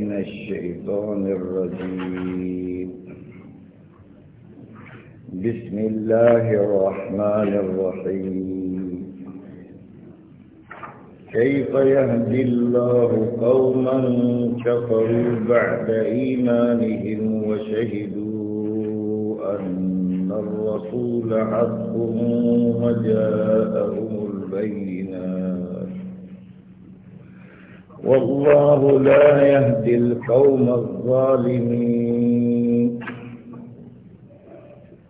من الشيطان الرجيم بسم الله الرحمن الرحيم كيف يهدي الله قوما كفروا بعد إيمانهم وشهدوا أن الرسول حق وجاءهم البينات والله لا يهدي القوم الظالمين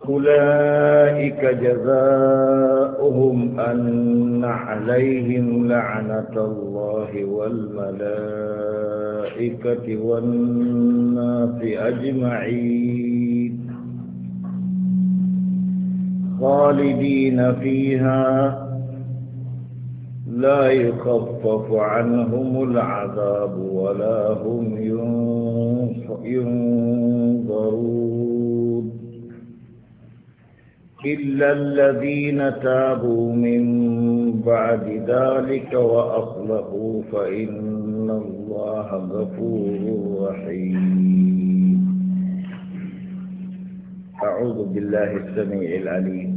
أولئك جزاؤهم أن عليهم لعنة الله والملائكة والناس أجمعين خالدين فيها لا يخفف عنهم العذاب ولا هم ينظرون إلا الذين تابوا من بعد ذلك وأصلحوا فإن الله غفور رحيم أعوذ بالله السميع العليم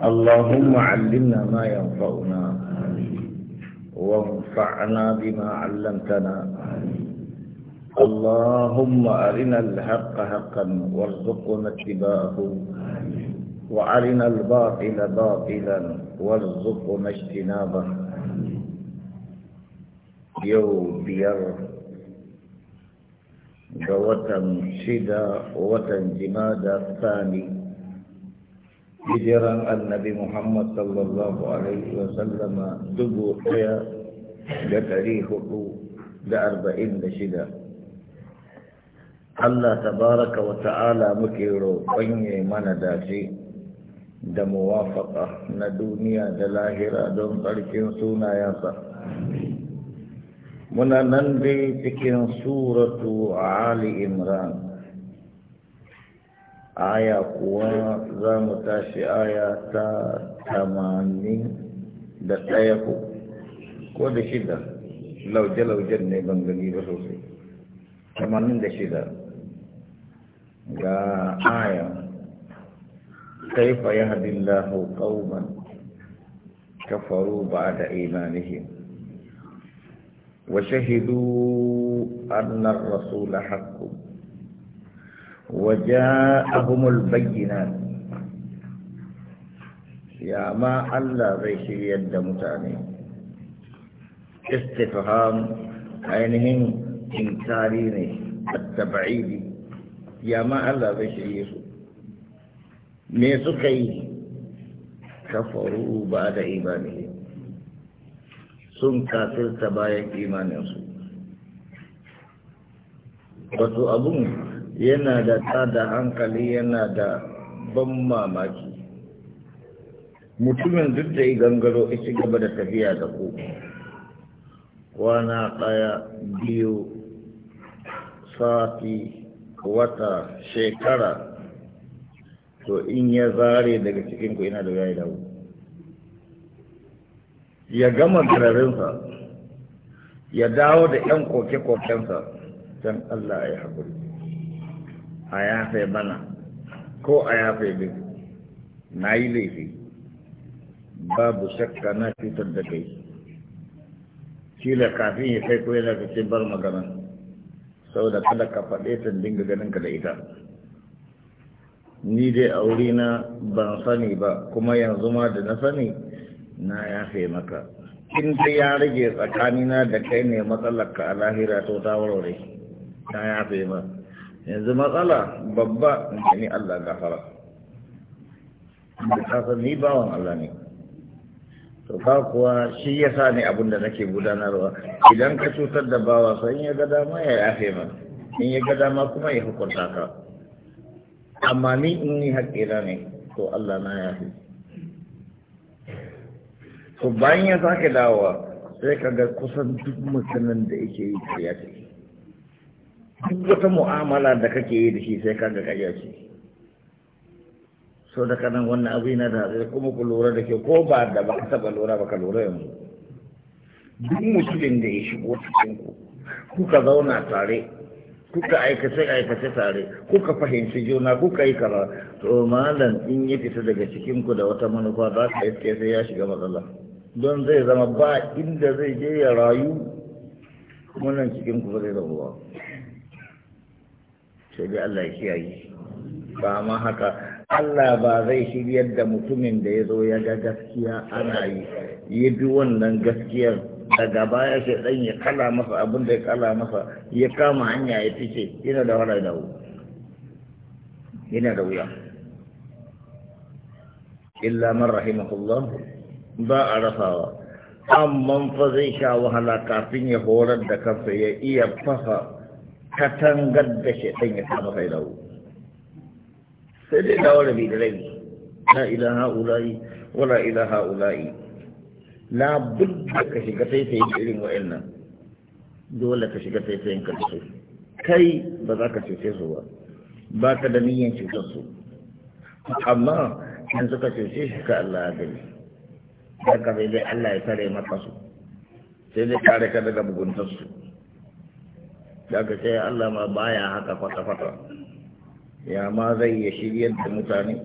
اللهم علمنا ما ينفعنا وانفعنا بما علمتنا اللهم أرنا الحق حقا وارزقنا اتباعه وأرنا الباطل باطلا وارزقنا اجتنابه يوم بير جوة شدة وتنجمادة ثانية hijiran annabi Muhammad sallallahu alaihi wa sallama dubu ɗaya da ɗari hudu da arba'in da shida. Allah tabaraka wa ta'ala muke roƙon ya mana dace da muwafaka na duniya da lahira don tsarkin sunayensa. Muna nan dai cikin suratu Ali Imran. aya kuwa za mu tashi aya ta tamanin da ɗaya ko ko da shida lauje-laujen ne ban ba sosai tamanin da shida ga aya kaifa ya hadin lahu Ka kafaru ba da imanihim wa shahidu annar rasula hakkun waje ahumul bayyana ya ma Allah zai shiryar da mutane istifham ainihin inkari ne at-tab'idi ya ma Allah zai shirye su me suka yi kafaru da imani sun kafirta bayan imaninsu wato abun yana da tsada hankali yana da ban mamaki mutumin duk da yi gangaro ci gaba da tafiya da ku kwana ɗaya biyu sati wata shekara to in ya zare daga cikinku yana da yayi dawo ya gama gararinsa ya dawo da 'yan koke-kokensa don Allah ya haƙuri a yafe bana ko a yafe bin na yi laifi babu shakka na cutar da kai kila kafin ya kai ko yana kace bar magana Sau da kada ka faɗe ta dinga ganin da ita ni dai a wuri na ban sani ba kuma yanzu ma da na sani na yafe maka in dai ya rage tsakanina da kai ne matsalar ka a lahira to ta warware na yafe maka yanzu matsala babba ne Allah gafara da kasa ni bawan Allah ne to ka kuwa shi ya sa ne abin da nake gudanarwa idan ka cutar da bawa sai ya ga dama ya yafe ma in ya ga dama kuma ya hukunta ka amma ni in ni haƙƙina ne to Allah na yafe to bayan ya sake dawowa sai ka ga kusan duk mutumin da yake yi ya ce duk wata mu'amala da kake yi da shi sai ka ga ƙarya ce so da kanan wannan abu yana da hatsari kuma ku lura da ke ko ba da ba ka taɓa lura ba ka lura yanzu duk musulun da ya shigo cikin ku kuka zauna tare kuka aikace aikace tare kuka fahimci juna kuka yi kara to malam in ya fita daga cikin ku da wata manufa za ka iske sai ya shiga matsala don zai zama ba inda zai je ya rayu wannan cikin ku ba zai zama ba sai dai Allah ya kiyaye ba ma haka Allah ba zai shiryar da mutumin da ya zo ya ga gaskiya ana yi ya bi wannan gaskiyar daga baya shi dan ya kala masa abin da ya kala masa ya kama hanya ya fice yana da wala da yana da wuya illa man rahimahullah ba a rafawa amma fa zai sha wahala kafin ya horar da kansa ya iya fasa katangar da shi ɗan ya kama kai dawo sai dai dawo da da Na la ha'ulayi wala ilaha ha'ulayi Na budda ka shiga taifayin irin nan, dole ka shiga taifayin ka su kai ba za ka cece su ba ba ka da niyyar cutar su amma in suka cece shi ka Allah ya gani Ya sai dai Allah ya tare maka su sai dai kare ka daga muguntar su daga sai Allah ma baya haka kwata-kwata ya ma zai ya shiryar da mutane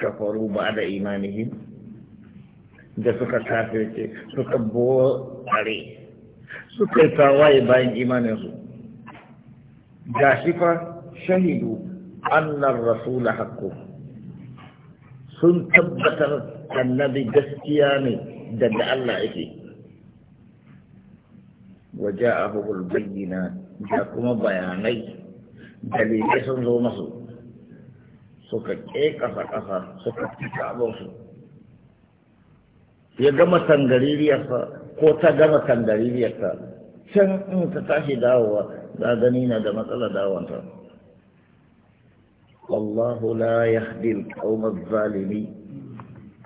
kafaru ba da imanihim da suka kafirce suka bore suka yi tawaye bayan imaninsu ga shi fa shahidu annar rasula hakku sun tabbatar annabi gaskiya ne daga Allah yake waje a hukul bayyana da kuma bayanai dalilai sun zo masu suka ke kasa-kasa suka fi su ya gama tangaririyarsa ko ta gama tangaririyarsa can in ta tashi dawowa za gani na da matsala dawanta Allahu la ya haɗin ƙaunar zalimi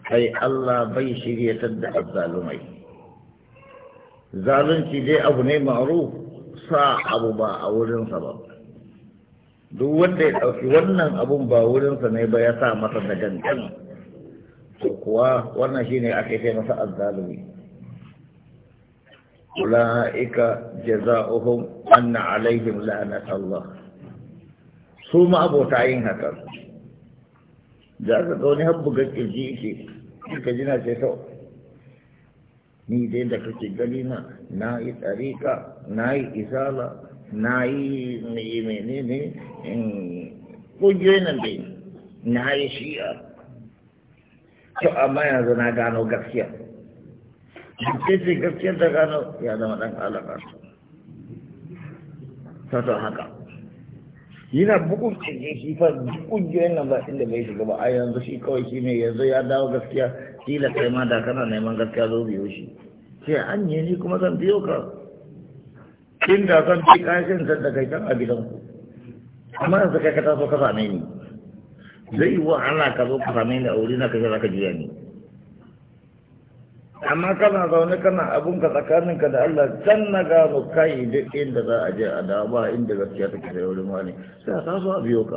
kai Allah bai shirya tattalin zalimai zalunci dai abu ne maru sa abu ba a wurinsa ba duk wanda ya ɗauki wannan abun ba wurinsa ne ba ya sa masa da gangan to kuwa wannan shi ne ake kai masa azzalumi ula'ika jaza'uhum anna alaihim la'anat Allah su ma abota yin haka da aka ga wani habbuga kirji yake jina ce ni dai da kake gani na na yi tsarika na yi na yi mai mene ne na yi shi'a to amma yanzu na gano gaskiya ce ce gaskiyar da gano ya zama ɗan alaƙa ta haka yana bugun kirje shi fa kungiyoyin nan ba inda bai shiga ba a yanzu shi kawai shi ne yanzu ya dawo gaskiya kila kai ma da kana neman gaskiya zo biyo shi sai an yi ni kuma zan biyo ka kin da zan ci kashin sa da kai kan a gidan ku amma yanzu kai ka taso ka same ni zai yi wa Allah ka zo ka same ni a wuri na ka za ka jiya ni amma kana zaune kana abun ka tsakanin ka da Allah can na gano kai duk inda za a je a da ba inda gaskiya take da wurin wani sai a taso a biyo ka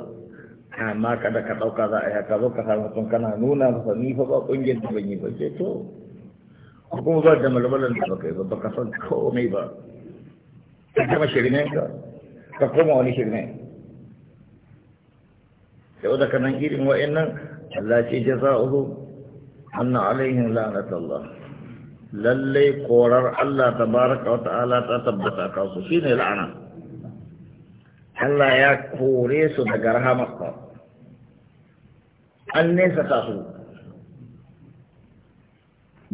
amma kada ka ɗauka za a yi ka zo ka samu mutum kana nuna masa ni fa ba ƙungiyar da ban yi ba ce to ko kuma ba da malamalan da baka yi ba baka san komai ba ka gama shirme ka ka koma wani shirme sau da kanan irin wa'annan Allah ce jaza'uhu anna alaihim la'natullah lallai korar Allah tabaraka wa ta'ala ta tabbata kansu shine la'ana Allah ya kore su daga rahamarsa an nesa ta su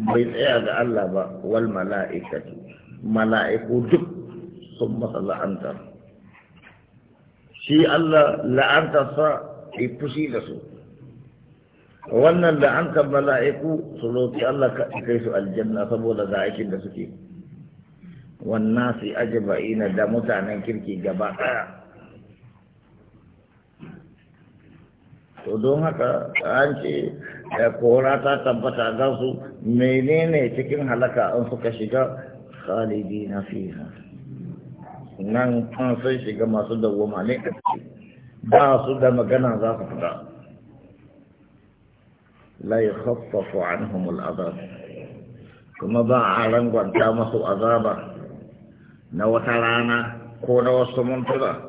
bai tsaya ga Allah ba wal mala'ikatu mala'iku duk sun masa la'anta shi Allah la'anta sa ya fushi da su wannan da an kan mala'iku su roƙi Allah ka kai su aljanna saboda ga aikin da suke wannan su ajma'ina da mutanen kirki gaba ɗaya to don haka an ce da kora ta tabbata ga su menene cikin halaka an suka shiga khalidi na fiha nan an sai shiga masu dawwama ne ba su da magana za su fita la yukhaffafu anhum al'adab kuma ba a rangwanta masu azaba na wata rana ko na wasu mintuna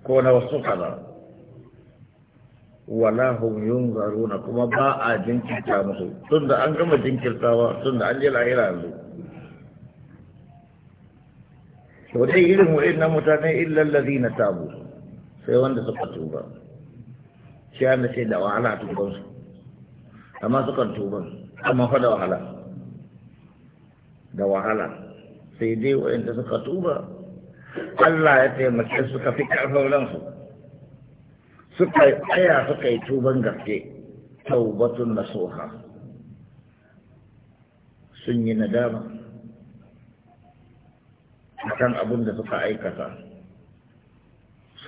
ko na wasu kaza wala hum yunzaruna kuma ba a jinkirta musu tunda an gama jinkirtawa tunda an yi lahira yanzu to dai irin wa'annan mutane illa na tabu sai wanda suka tuba sai an ce da wahala tubansu amma sukan tuba amma fa da wahala da wahala sai dai wa'inda suka tuba Allah ya taimake suka fi karfin ransu suka aya suka yi tuban gaske taubatun nasuha sun yi nadama akan abin da suka aikata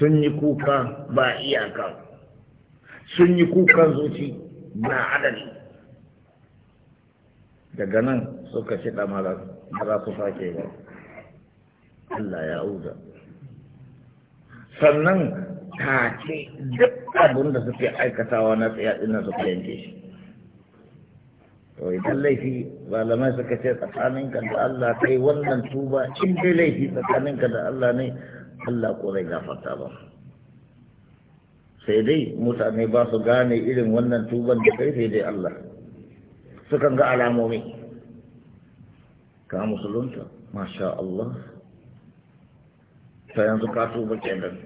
sun yi kuka ba iyaka sun yi kukan zuci Na adali daga nan suka shi ɗamara da za su sake ba Allah ya uza sannan ta ce duk abin da suke aikatawa na tsaya su suka yanke shi to idan laifi malamai suka ce tsakaninka da Allah kai wannan tuba in dai laifi tsakaninka da Allah ne Allah ko zai gafarta ba sai dai mutane ba su gane irin wannan tuban da kai sai dai Allah sukan ga alamomi ka musulunta masha Allah ta yanzu ka tuba kenan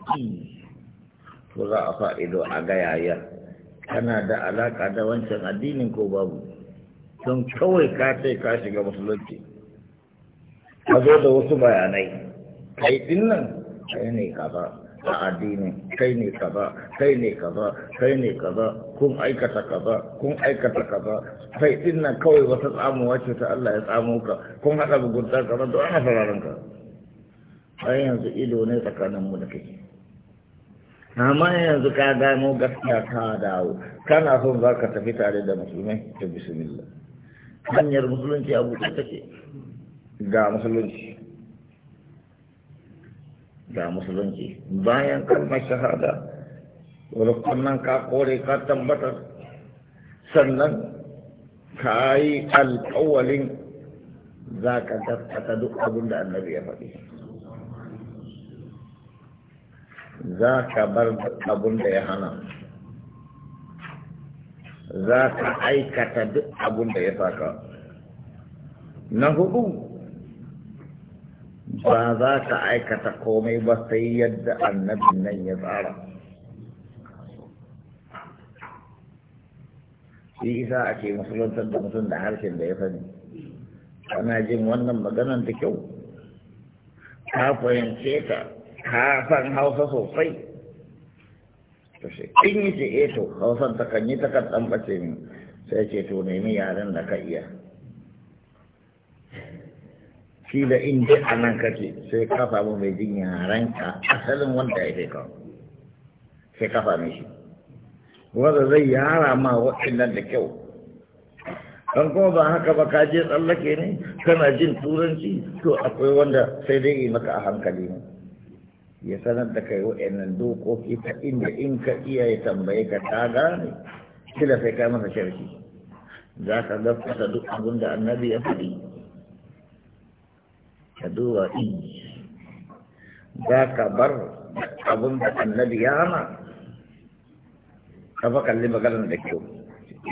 to za a fa'ido a ga yaya kana da alaka da wancan addinin ko babu don kawai ka ce ka shiga musulunci ka zo da wasu bayanai kai dinnan kai ne ka ba a addinin kai ne kaza kai ne kaza kai ne kaza kun aikata kaza kun aikata kaza kai din nan kawai wata tsamuwa ce ta Allah ya tsamo ka kun haɗa mugunta kaza to ana fararen ka ai yanzu ido ne tsakanin mu da kai amma yanzu ka gano gaskiya ka dawo kana son zaka ka tafi tare da musulmai ta bismillah hanyar musulunci abu take ga musulunci ga musulunci bayan kalmar shahada rukunan ka kore ka tabbatar sannan ka yi alƙawalin za ka gaskata duk abin da annabi ya faɗi za ka bar abin da ya hana za ka aikata duk abin da ya saka na hudu ba za ka aikata komai ba sai yadda annabi nan ya tsara shi isa a ke musuluntar da mutum da harshen da ya sani kana jin wannan maganan da kyau ka fahimce ta ka san hausa sosai to shi in yi ce eto eh hausan ta kan yi ta kan ɗan bace min sai ce to nemi yaren da ka iya shi da inda a nan kake sai kafa mu mai jin yaranka asalin wanda ya kai sai kafa mai shi wanda zai yara ma waɗannan da kyau don kuma ba haka ba ka je tsallake ne kana jin turanci to akwai wanda sai dai yi maka a hankali ne ya sanar da kai waɗannan dokoki ta inda in ka iya ya tambaye ka ta gane kila sai ka masa sharki za ka gaskata duk abin da annabi ya faɗi ka duba in za ka bar abin da annabi ya hana ka kalli maganar da kyau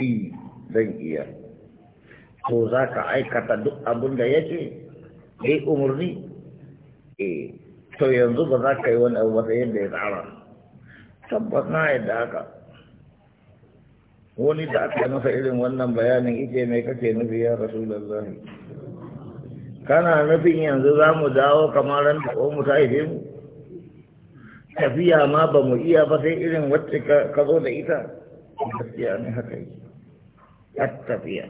i zan iya to za ka aikata duk abin da ya ce ya yi umarni e, to yanzu ba za ka yi wani abu ba yadda ya tsara tabbas na yadda haka wani da aka yi masa irin wannan bayanin ike mai kake nufi ya rasu lallahi kana nufin yanzu za mu dawo kamar ran da mu ta haife mu tafiya ma ba mu iya ba sai irin wacce ka zo da ita gaskiya ne haka yi a tafiya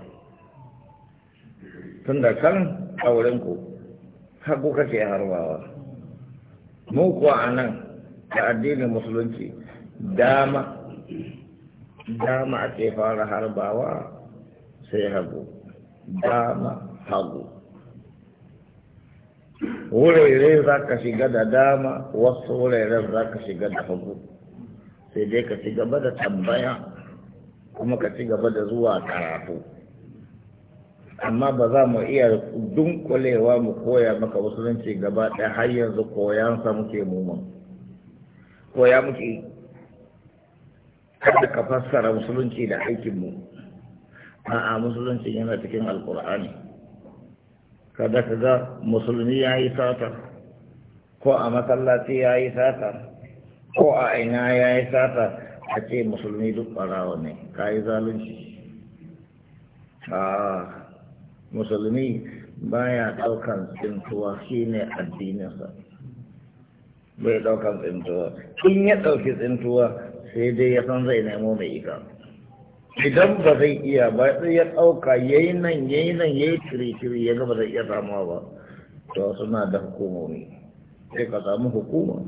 tun da kan wurinku haku kake harbawa mu kuwa a nan da addinin musulunci dama dama ake fara harbawa sai hagu dama hagu wurare za ka shiga da dama wasu wuraren za ka shiga da hagu sai dai ka ci gaba da tambaya kuma ka ci gaba da zuwa karatu amma ba za mu iya dunkulewa mu koya maka musulunci gaba ɗaya har yanzu koyansa muke muman koya muke kada ka fassara musulunci da aikinmu a'a musulunci yana cikin alkur'ani kada ka ga musulmi ya yi sata ko a masallaci ya yi sata ko a aina ya yi sata a ce musulmi duk ɓarawa ne ka yi zalunci a musulmi ba ya ɗaukan tsintuwa shi ne addininsa bai ɗaukan tsintuwa in ya ɗauki tsintuwa sai dai ya san zai nemo mai ika idan ba zai iya ba sai ya ɗauka ya yi nan ya yi nan ya yi ciri ya gaba zai iya samuwa ba to suna da hukumomi sai ka samu hukuma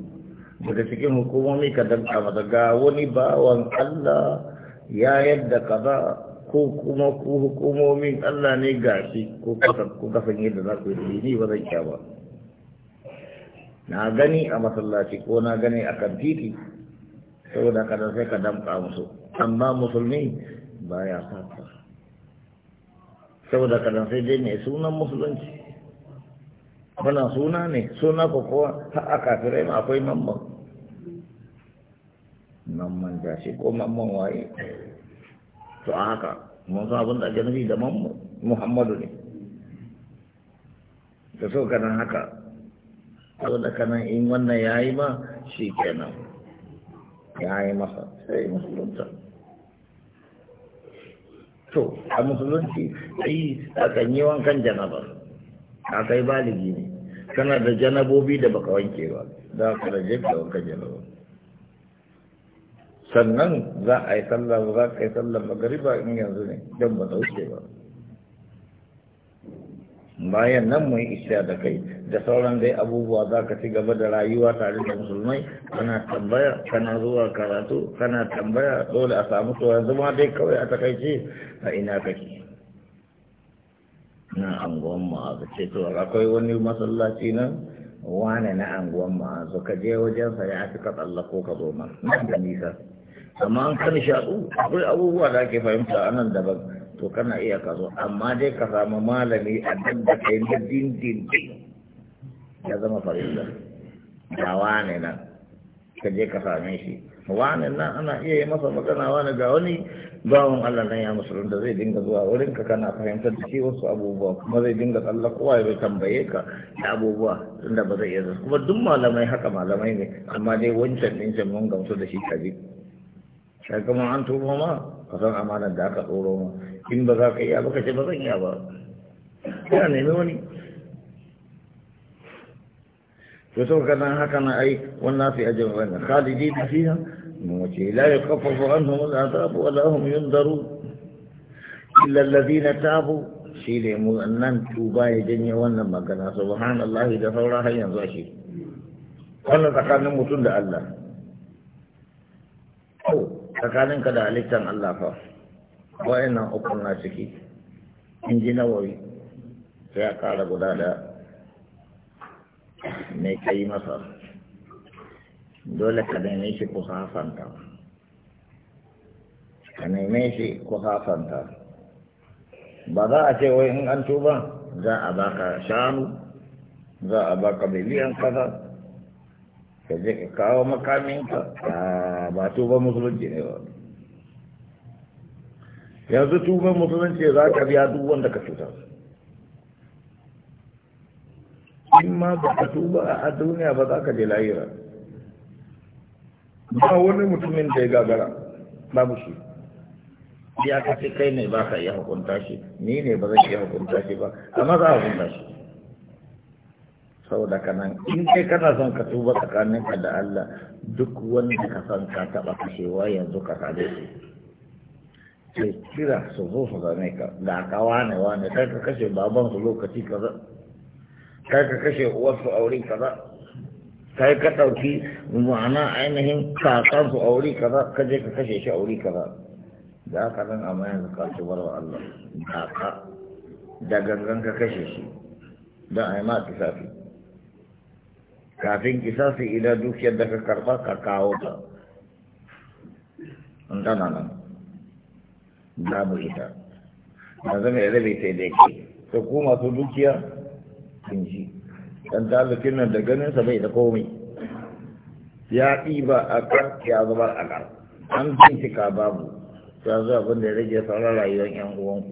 daga cikin hukumomi ka danka mata ga wani bawan Allah ya yadda kaza ko kuma ku hukumomin Allah ne shi ko kasa kasan yadda za ku yi ni ba zai iya ba na gani a masallaci ko na gani a kan titi saboda kada sai ka damka musu amma musulmi baya fata saboda kadan sai dai mai sunan musulunci wannan suna ne suna ko kowa har a kafirai ma akwai mamman mamman shi ko mamman waye to a haka mun san abin da ake nufi da mamman muhammadu ne da so kanan haka saboda kanan in wannan ya yi ma shi kenan ya yi masa sai musulunta to a musulunci ai kan yi wankan janaba a kai baligi ne kana da janabobi da baka wanke ba za ka da jefa wankan janaba sannan za a yi sallah za ka yi sallah magariba in yanzu ne don ba ta wuce ba bayan nan mai isya da kai da sauran dai abubuwa za ka ci gaba da rayuwa tare da musulmai kana tambaya kana zuwa karatu kana tambaya dole a samu to yanzu ma dai kawai a takaice a ina kake na anguwan ma'azu ce to akwai wani masallaci nan wane na anguwan ma'azu ka je wajen sa ya fi ka tsallako ka zo ma nan da nisa amma an kan shaɗu akwai abubuwa da ake fahimta nan daban to kana iya ka zo amma dai ka samu malami a nan da kai na dindin ya zama farilla da wane nan ka je ka same shi wane nan ana iya yi masa magana wane ga wani bawon Allah nan ya musulun da zai dinga zuwa wurin ka kana fahimtar da shi wasu abubuwa kuma zai dinga tsalla kowa ya tambaye ka da abubuwa inda ba zai iya zai kuma duk malamai haka malamai ne amma dai wancan ɗin mun gamsu da shi kaji sai kuma an tuba ma ka san amanar da aka tsoro ma in ba za ka iya ba ka ce ba zan iya ba kana nemi wani to sau kana haka na ai wannan fi ajin wannan khalidi ta fiha mu ce la yakaffafu anhum al'adab wa la hum yundaru illa alladhina tabu shi ne mu nan tuba ya janye wannan magana subhanallahi da saura har yanzu shi wannan tsakanin mutum da Allah tsakaninka da halittar Allah fa nan uku na ciki in ji sai a ƙara guda da mai kai masa dole ka neme shi ku fanta ka neme shi ha fanta ba za a ce wai in an tuba za a baka shanu za a baka bibiyan kaza ka je ka kawo makaminka ba tuba musulunci ne ba yanzu tuban musulunci za ka biya duk wanda ka cuta in ma ba ka tuba a duniya ba za ka je lahira ba wani mutumin da ya gagara ba shi ya ka ce kai ne ba ka iya hukunta shi ni ne ba zan iya hukunta shi ba amma za a hukunta shi saboda kanan in kai kana son ka tuba tsakaninka da Allah duk wanda ka san ka taba kashewa yanzu ka sade su sai kira su zo su zane ka da ka wane wane kai ka kashe baban su lokaci kaza kai ka kashe uwarsu a wuri kaza kai ka ɗauki ma'ana ainihin kakan su a wuri kaza ka je ka kashe shi a wuri kaza da ka nan amma yanzu ka tubar wa Allah da ka da gangan ka kashe shi don a yi ma tufafi kafin su idan dukiyar da ka karba ka kawo ta An gana nan babu ita na zama ya rabe sai da ke. to ku masu dukiya sun ji ɗan talibin nan da ganin sa bai da komai ya ɗiba a kar ya zama a kar an bincika babu ta zo abin da ya rage sauran rayuwar yan uwanku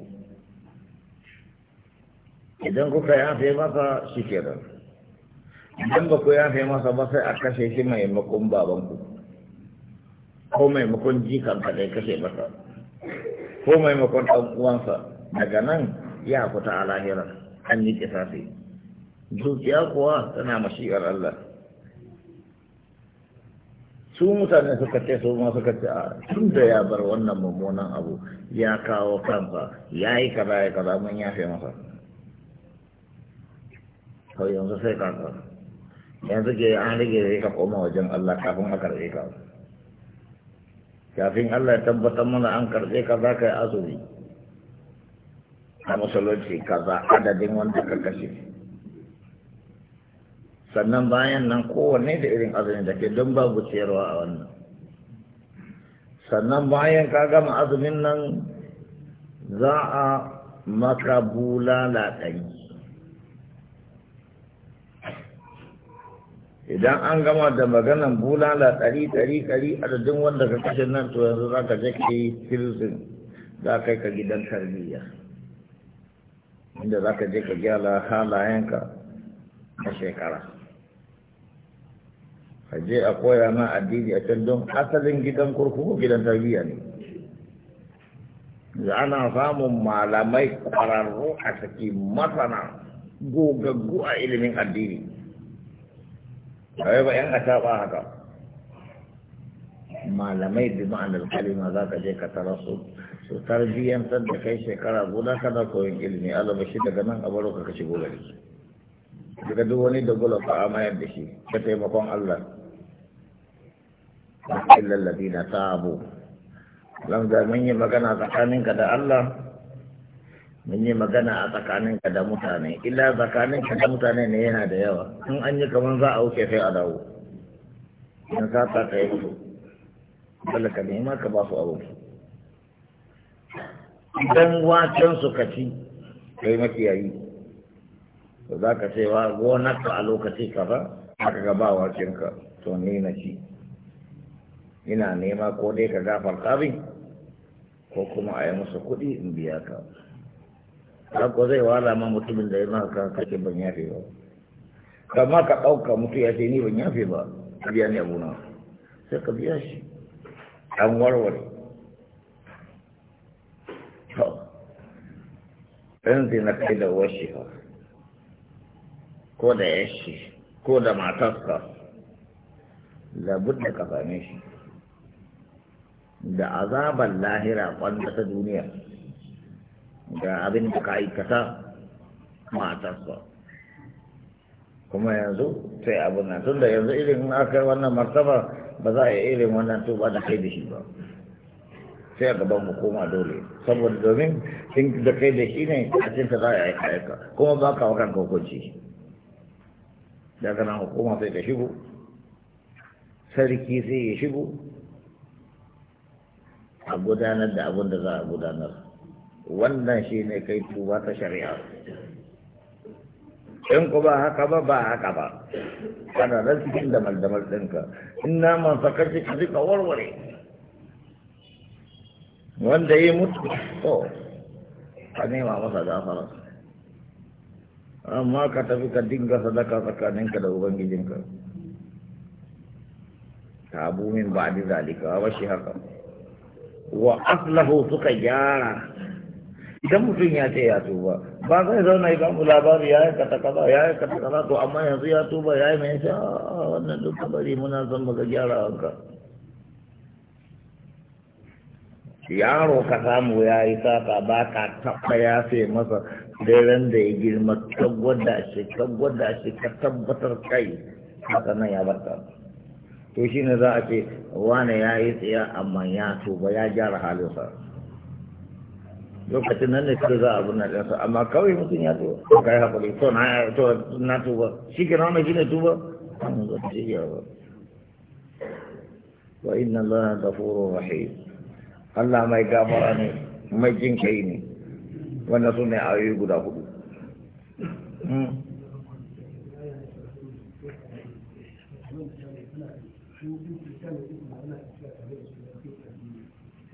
idan kuka yi yafe masa shi kenan idan ba ku yafe masa ba sai a kashe shi maimakon babanku ko maimakon jikan ka dai kashe masa ko maimakon ɗan uwansa daga nan ya ku ta alahira an yi kisafi dukiya kuwa tana mashi'ar Allah su mutane suka ce su ma suka ce a tun da ya bar wannan mummunan abu ya kawo kansa ya yi kaza ya kaza mun yafe masa kawai yanzu sai kansa yanzu ke an rage da ka koma wajen Allah kafin a karɓe ka kafin Allah ya tabbatar mana an karɓe ka za ka yi azumi a musulunci kaza adadin wanda ka kashe sannan bayan nan kowanne da irin azumi da ke don babu ciyarwa a wannan sannan bayan ka gama azumin nan za a maka bulala ɗari idan an gama da maganan bulala ɗari ɗari ɗari adadin wanda ka kashe nan to yanzu za ka je ka yi firzin za ka ka gidan tarbiyya inda za ka je ka gyara halayenka na shekara ka je a koya na addini a can don asalin gidan kurkuku gidan tarbiyya ne ana samun malamai kwararru a saki masana gogaggu a ilimin addini kawai ba yan ata ba haka malamai bi ma'anar kalima za ka je ka tara su su tarbiyyantar da kai shekara guda kana koyon ilimi alaba shi daga nan a baro ka kashe shigo daga duk wani da gula ka amayar da shi ka taimakon Allah illal na tabu lam yi magana tsakaninka da Allah mun yi magana a tsakaninka da mutane illa tsakaninka da mutane ne yana da yawa in an yi kamar za a wuce sai a dawo in za ta yi su dole ka nema ka ba su wuce idan waken su ka ci kai makiyayi to za ka ce wa ka a lokaci kaza aka ga ba ka to ni na ci ina nema ko dai ka gafarta bin ko kuma a yi musu kuɗi in biya ka ko zai wala ma mutumin da ya maka kan kake ban yafe ba kama ka ɗauka mutu ya ce ni ban yafe ba ka biya ni abuna sai ka biya shi an warware to ɗan na kai da washi ko da shi. ko da matarsa labud da ka same shi da azaban lahira kwanta ta duniya da abin da ka aikata matarsa kuma yanzu sai abin nan tun da yanzu irin aka wannan martaba ba za a yi irin wannan tuba da kai da shi ba sai a gaban mu koma dole saboda domin sun da kai da shi ne a cikin ta za a yi aika kuma ba ka wakan hukunci daga nan hukuma sai ka shigo sarki sai ya shigo a gudanar da abin da za a gudanar wannan shi ne kai tuba ta shari'a in ku ba haka ba ba haka ba kana nan cikin damar-damar ɗinka Ina naman sa kace ka duka warware wanda ya mutu to ka nema masa gafara amma ka tafi ka dinga sadaka tsakaninka da ubangijinka ta abu min ba da zalika ba shi haka wa aslahu suka gyara idan mutum ya ce ya tuba ba zai zauna ya mu labari ya yi katakala ya yi katakala to amma yanzu ya tuba ya yi mai sha ah, wannan duk kabari muna son maka gyara wanka yaro ka samu ya yi sata ba ka taɓa ya fi masa daren da ya girma ka gwada shi ka gwada shi ka tabbatar kai haka nan ya barka to shi ne za a ce wane ya yi tsaya amma ya tuba ya gyara sa. lokacin nan ne kada za a abin nan ɗansa amma kawai mutum ya tuba to kai haƙuri to na to na tuba shi ke nan shi ne tuba an zo ta shi ba wa inna allaha ghafurur rahim Allah mai gafara ne mai jin kai ne wannan su ne ayoyi guda hudu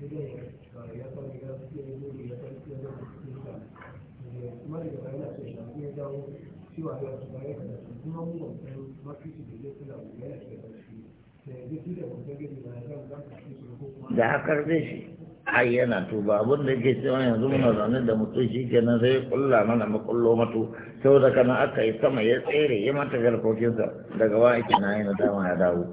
Thank hmm. you. cewa ya su baya da su kuma mu ba san mafici da ya kula da que no da shi da ya ji da wanda gani ba zan zan no shi ko kuma da hakar da shi ai yana tuba abin da ke cewa yanzu muna zaune da mutum shi kenan sai kulla mana mu makullo mato saboda kana aka yi sama ya tsere ya mata garkokinsa daga wa ake na yana dama ya dawo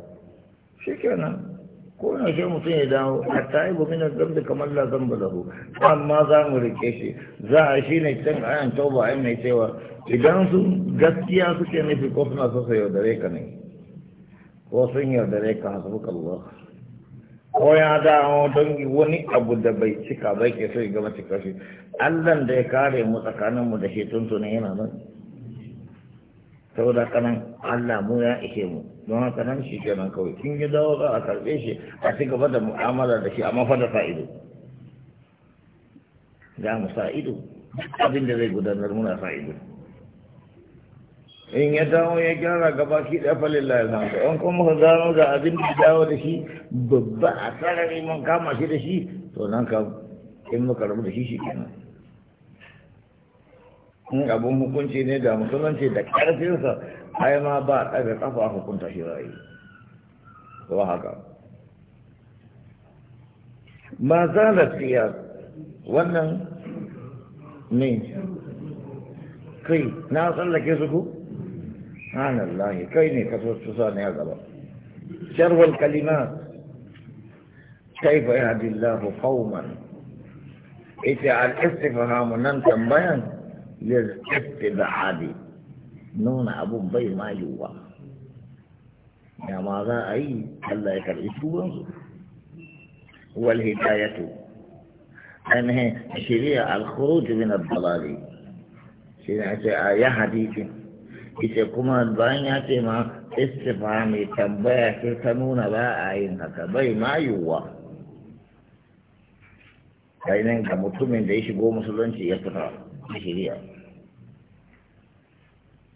shi kenan ko na shi mutum ya dawo a ta yi gumi na zambi kamar la da lahu amma za mu rike shi za a shi ne can ayan tauba ai mai cewa idan su gaskiya suke nufi ko suna so su yaudare ka ne ko sun yaudare ka su kallo ko ya dawo don wani abu da bai cika bai ke so ya gama cika shi allan da ya kare mu tsakanin mu da shi tuntuni yana nan saboda kanan allah mu ya ishe mu don haka nan shi kenan kawai kin yi dawo za a karɓe shi a ci gaba da mu'amala da shi a fa da sa ido za mu sa abin da zai gudanar muna sa ido in ya dawo ya gyara gaba shi da falilla ya samu in kuma ka gano da abin da dawo da shi babba a sarari mun kama shi da shi to nan ka in muka rabu da shi shi kenan in abin hukunci ne da musulunci da a ai ma ba a ɗaga ƙafa hukunta shi ra'ayi ko haka ma da siyar wannan ne kai na tsallake su ku سبحان الله كيني كسر تصاني هذا شر الكلمات كيف يهدي الله قوما إذا الاستفهام ننتم بيان للاستبعاد نون أبو بي ما يوا يا ماذا أي هلا يكرسوا والهداية أنه شريع الخروج من الضلال شريع يهديكم ita kuma bayan ya ce ma istifa mai tambaya sai ta nuna ba a yin haka bai ma yiwuwa ainihin ga mutumin da ya shigo musulunci ya fita a shari'a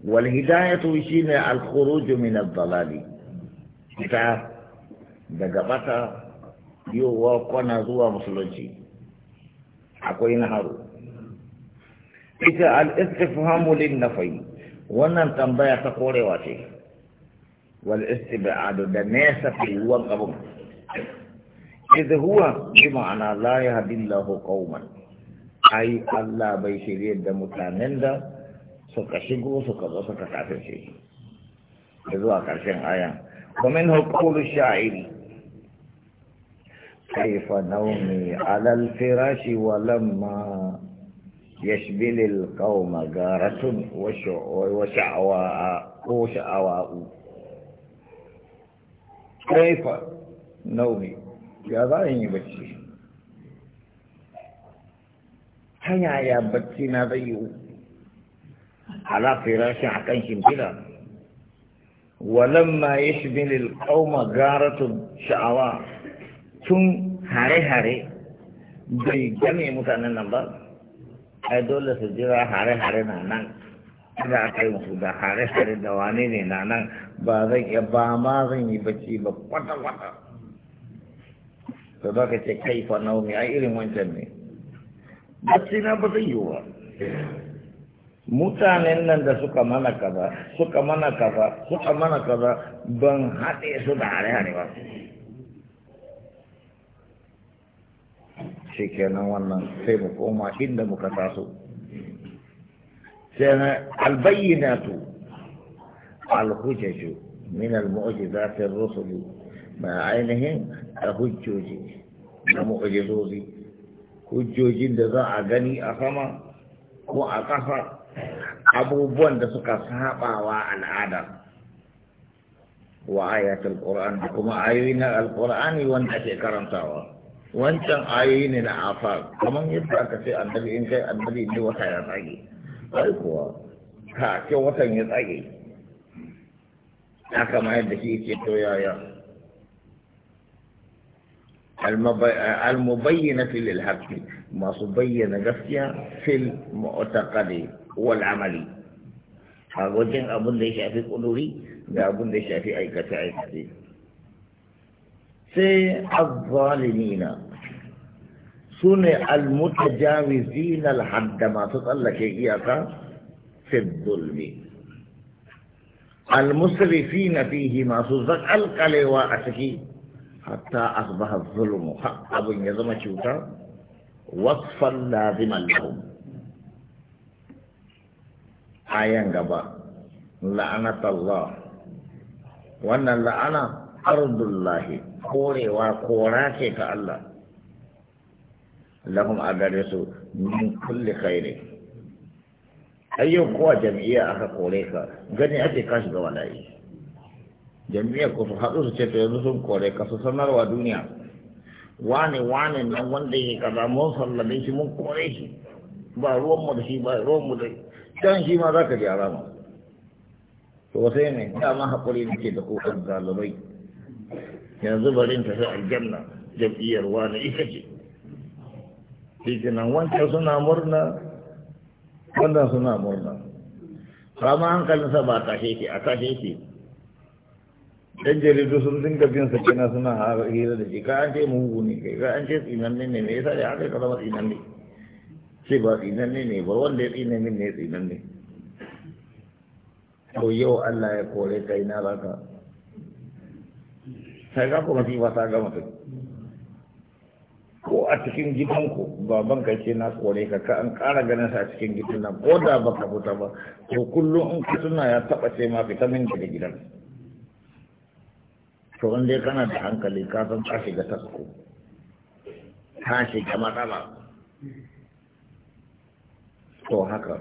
wal hidayatu shine al khuruj min ad dalali ita daga bata yiwuwa kwana zuwa musulunci akwai naharu ita al istifhamu lin nafi wannan tambaya ta korewa ce wal istibadu da nesa ruwan abun idh huwa bi ma'ana la yahdillahu qauman ai Allah bai shirye da mutanen da suka shigo suka zo suka kafirce da zuwa karshen ayan wa min qawlu sha'iri kayfa nawmi 'ala al-firashi wa lamma يشبل القوم غارة وشعواء وشعواء كيف نومي يا ظاهرين بشي هيا يا بتينا بيو على فراش عكان شمتلا ولما يشبل القوم غارة شعواء ثم هاري هاري بيجمع متعنى النمبر ai dole su jira hare-hare na nan da aka yi musu da hare-hare da wane ne na nan ba zan iya ba ma zan yi bacci ba kwata-kwata to za ka ce kai fa naumi ai irin wancan ne bacci na ba zai yi wa mutanen nan da suka mana kaza suka mana kaza suka mana kaza ban haɗe su da hare-hare ba shi kenan wannan sai mu koma inda muka taso sai na albayyinatu alhujjaju min almu'jizatir rusuli ma ainihin hujjoji na mu'jizozi hujjojin da za a gani a sama ko a ƙasa abubuwan da suka sabawa al'ada wa ayatul qur'an da kuma ayoyin alqur'ani wanda ake karantawa wancan ayoyi ne na afa kamar yadda aka ce annabi in kai annabi ne wata ya tsage ai kuwa ka ke watan ya tsage haka ma yadda shi ke to yaya المبينة للحق ما سبين غسيا في المعتقد والعمل هاغوجين أبن دي شافي قدوري ده أبن دي شافي أي كتا sai azzalimina su ne almutajawizina Hadda masu tsallake iyaka fi zulmi almusrifina fihi masu zakalkalewa a ciki hatta asbaha zulmu abin ya zama cuta wasfan laziman lahum ayan gaba la'anat wannan la'ana ardullahi korewa kora ce ta Allah lahum a gare su min kulli khairi ayyau kowa jam'iyya aka kore ka gani ake ka shiga walayi jam'iyyar ku su haɗu su ce to yanzu sun kore ka su sanarwa duniya wane wane nan wanda yake kaza mun sallame shi mun kore shi ba ruwan mu da shi ba mu da dan shi ma za ka ji alama to sai ne ma hakuri nake da ku ɗan yanzu barin ta sai aljanna jam'iyyar wani ita ce nan wanke suna murna wannan suna murna rama hankalinsa ba tashe ke a tashe ke ɗan jaridu sun dinga bin sa kina suna hira da shi ka an ce mugu ne kai ka an ce tsinanne ne me yasa da haka ka zama tsinanne ce ba tsinanne ne ba wanda ya tsinanne min ne tsinanne Ko yau Allah ya kore kai na baka sai ga kuma fifa ta gama ta ko a cikin gidanku baban ka ce na kore ka ka an ƙara ganin sa a cikin gidan nan ko da ba ka fita ba to kullum in ka tuna ya taɓa ce ma vitamin daga gidan to in dai kana da hankali ka san ka shiga tasko ka shiga matsala to haka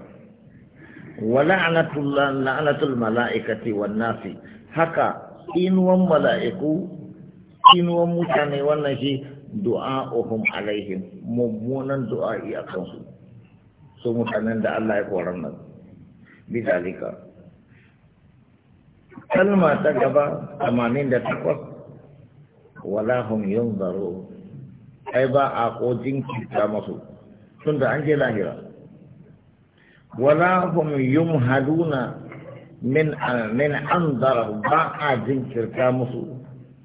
wala'anatul la'anatul mala'ikati wan nasi haka inuwan mala'iku kinuwan mutane wannan shi du'a uhum alaihim mummunan yi a kansu su mutanen da Allah ya koran nan bisalika kalma ta gaba 88 wala hum yunzaru ai ba a ko jinkirta masu tunda an je lahira wala hum yumhaduna min min zara ba a jinkirta musu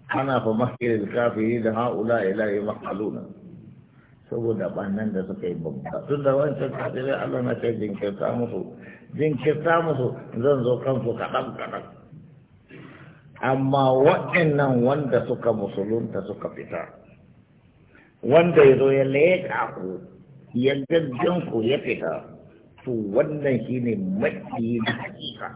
ana fa makir kafiri da haula ila makaluna saboda bannan da suka yi babba tun da wancan kafirai Allah na ce jinkirta musu jinkirta musu zan zo kansu kaɗan kaɗan amma waɗannan wanda suka musulunta suka fita wanda ya zo ya leƙa ku ya gaggan ku ya fita to wannan shine maƙiyi na hakika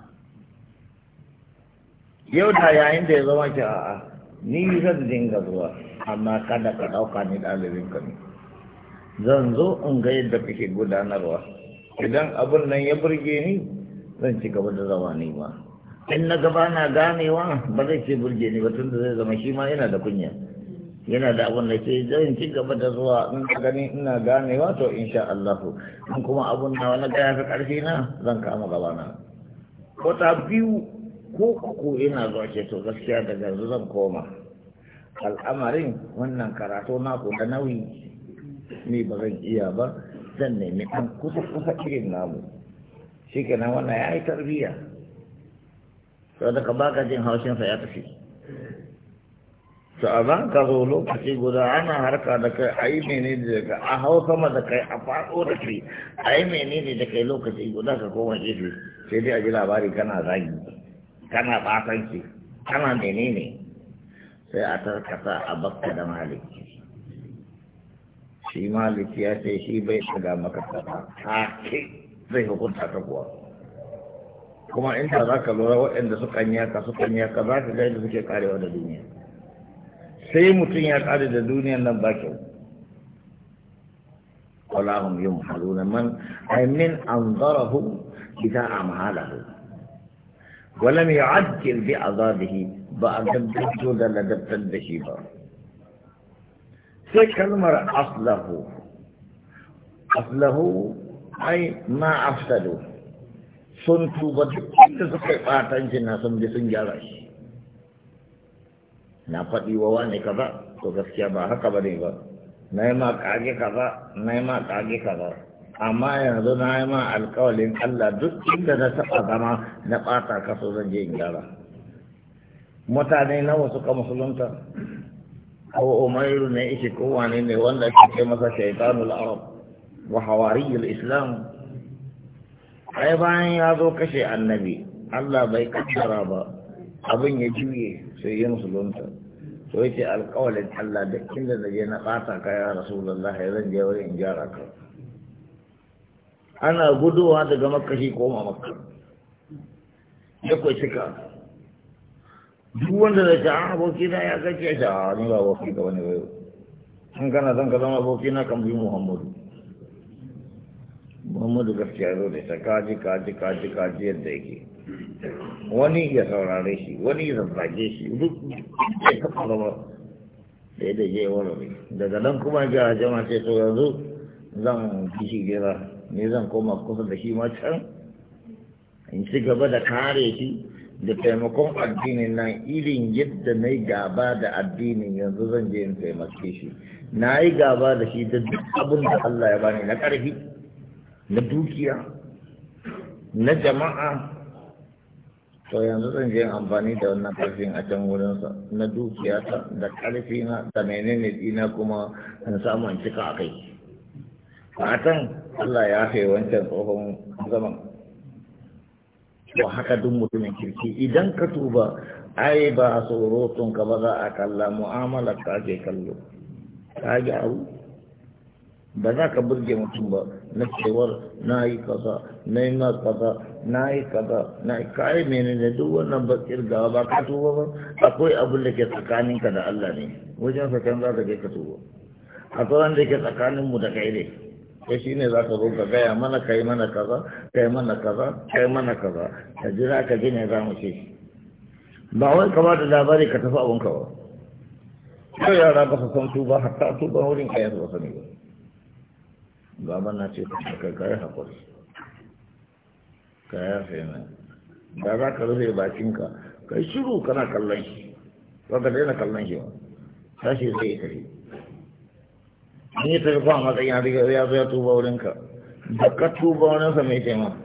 yau da yayin da ya zama ki a'a ni zan dinga zuwa amma kada ka ɗauka ni ɗalibin ka ne zan zo in ga yadda kake gudanarwa idan abin nan ya burge ni zan ci gaba da zama ni ma in na gaba na ganewa ba zai ce burge ni ba tun da zai zama shi ma yana da kunya yana da abin da ke zan ci gaba da zuwa in ka gani ina ganewa to in sha Allah in kuma abun na wani gaya ta karfi na zan kama gaba na ko ta biyu ko ko ina zuwa ke to gaskiya daga yanzu zan koma al'amarin wannan karatu na ku da nauyi ni ba zan iya ba zan nemi an kusa kusa irin namu shi kenan wannan ya yi tarbiyya sau da ka baka jin haushinsa ya tafi to a ka zo lokaci guda ana harka da kai a yi menene da kai a hau sama da kai a faɗo da kai a yi ne da kai lokaci guda ka koma gefe sai dai a ji labari kana zagi kana fatanci kana menene sai a tarkata a bakka da maliki shi maliki ya ce shi bai shiga maka ta. take zai hukunta ta kuwa kuma in ta za ka lura waɗanda suka yaka suka yaka za ka ga yadda suke karewa da duniya sai mutum ya kare da duniyan nan ba kyau walahum yumhaluna man ay min anzarahu idza amhalahu ولم يعجل بعذابه ba a gaggauto da ladabtar da shi ba sai kalmar aslahu aslahu ai ma afsadu sun tuba duk inda suka yi ɓatanci na sun bi sun gyara shi na faɗi wa wani kaza to gaskiya ba haka ba ne ba na yi ma ƙage kaza na yi ma ƙage kaza amma yanzu na yi ma alƙawalin Allah duk inda na taɓa zama na ɓata kaso zan je in gyara mutane nawa suka musulunta aw umairu ne ishi kowane ne wanda ke masa shaitanul arab wa hawariyul islam ai bayan ya zo kashe annabi Allah bai kaddara ba abin ya juye sai ya musulunta to yace alƙawalin Allah da inda zaje na ɓata ka ya ya zan je wurin gyara ka ana guduwa daga makka shi koma makka ya duk wanda da ce ah, aboki na ya kace ta a ah, ni ba aboki ka wani bai an kana zan ka zama aboki na kan bi muhammadu muhammadu gaskiya zo da ta kaji kaji kaji kaji yadda yake wani ya saurare shi wani ya zazzage shi duk ya kafa zama da ya je warware daga nan kuma ga jama sai to yanzu zan kishi gira ne zan koma kusa da shi ma can in ci gaba da kare shi da taimakon addinin nan irin yadda na yi gaba da addinin yanzu zan je in taimake shi na yi gaba da shi da duk abin da Allah ya bani na ƙarfi na dukiya na jama'a to yanzu zan je amfani da wannan ƙarfin a can wurinsa na dukiya ta da ƙarfi na da menene dina kuma in samu in cika a kai fatan Allah ya fi wancan tsohon zaman Wa haka duk mutumin kirki idan ka tuba ai ba surutun ka ba za a kalla mu'amalar ka je kallo ka gyaru ba za ka burge mutum ba na cewar na yi kaza na yi ma kaza na yi kaza na yi kayi menene duk wannan ba kirga ba ka tuba ba akwai abun da ke tsakaninka da Allah ne wajen sakan za ka je ka tuba akwai wanda ke tsakaninmu da kai ne kai shi ne za ka zo ka gaya mana kai mana kaza kai mana kaza kai mana kaza ka jira ka ji ne za mu ce ba wai kama da labari ka tafi abinka ba yau yara ba su san tuba ba hatta tuba ban wurin ayar ba sani ba ba mana ce ka kai kai hakuri ka yafe ne da za ka rufe bakinka kai shiru kana kallon shi ba ka daina kallon shi ba tashi zai tafi ni tafi fa matsayin riga ya zo ya tuba wurinka da ka tuba wurinsa mai taimaka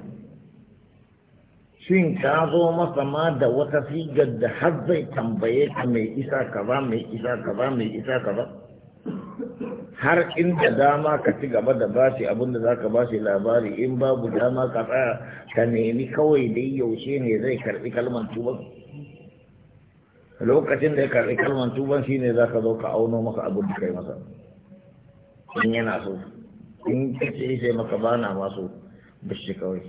shin ka zo masa ma da wata sigar da har zai tambaye ka mai isa kaza mai isa kaza mai isa kaza har inda dama ka ci gaba da bashi abin da ba shi labari in babu dama ka tsaya ka nemi kawai dai yaushe ne zai karbi kalmar tuban lokacin da ya karbi kalmar tuban shine za ka zo ka auno masa abin da kai masa in yana so in kace sai maka ba na masu bishi kawai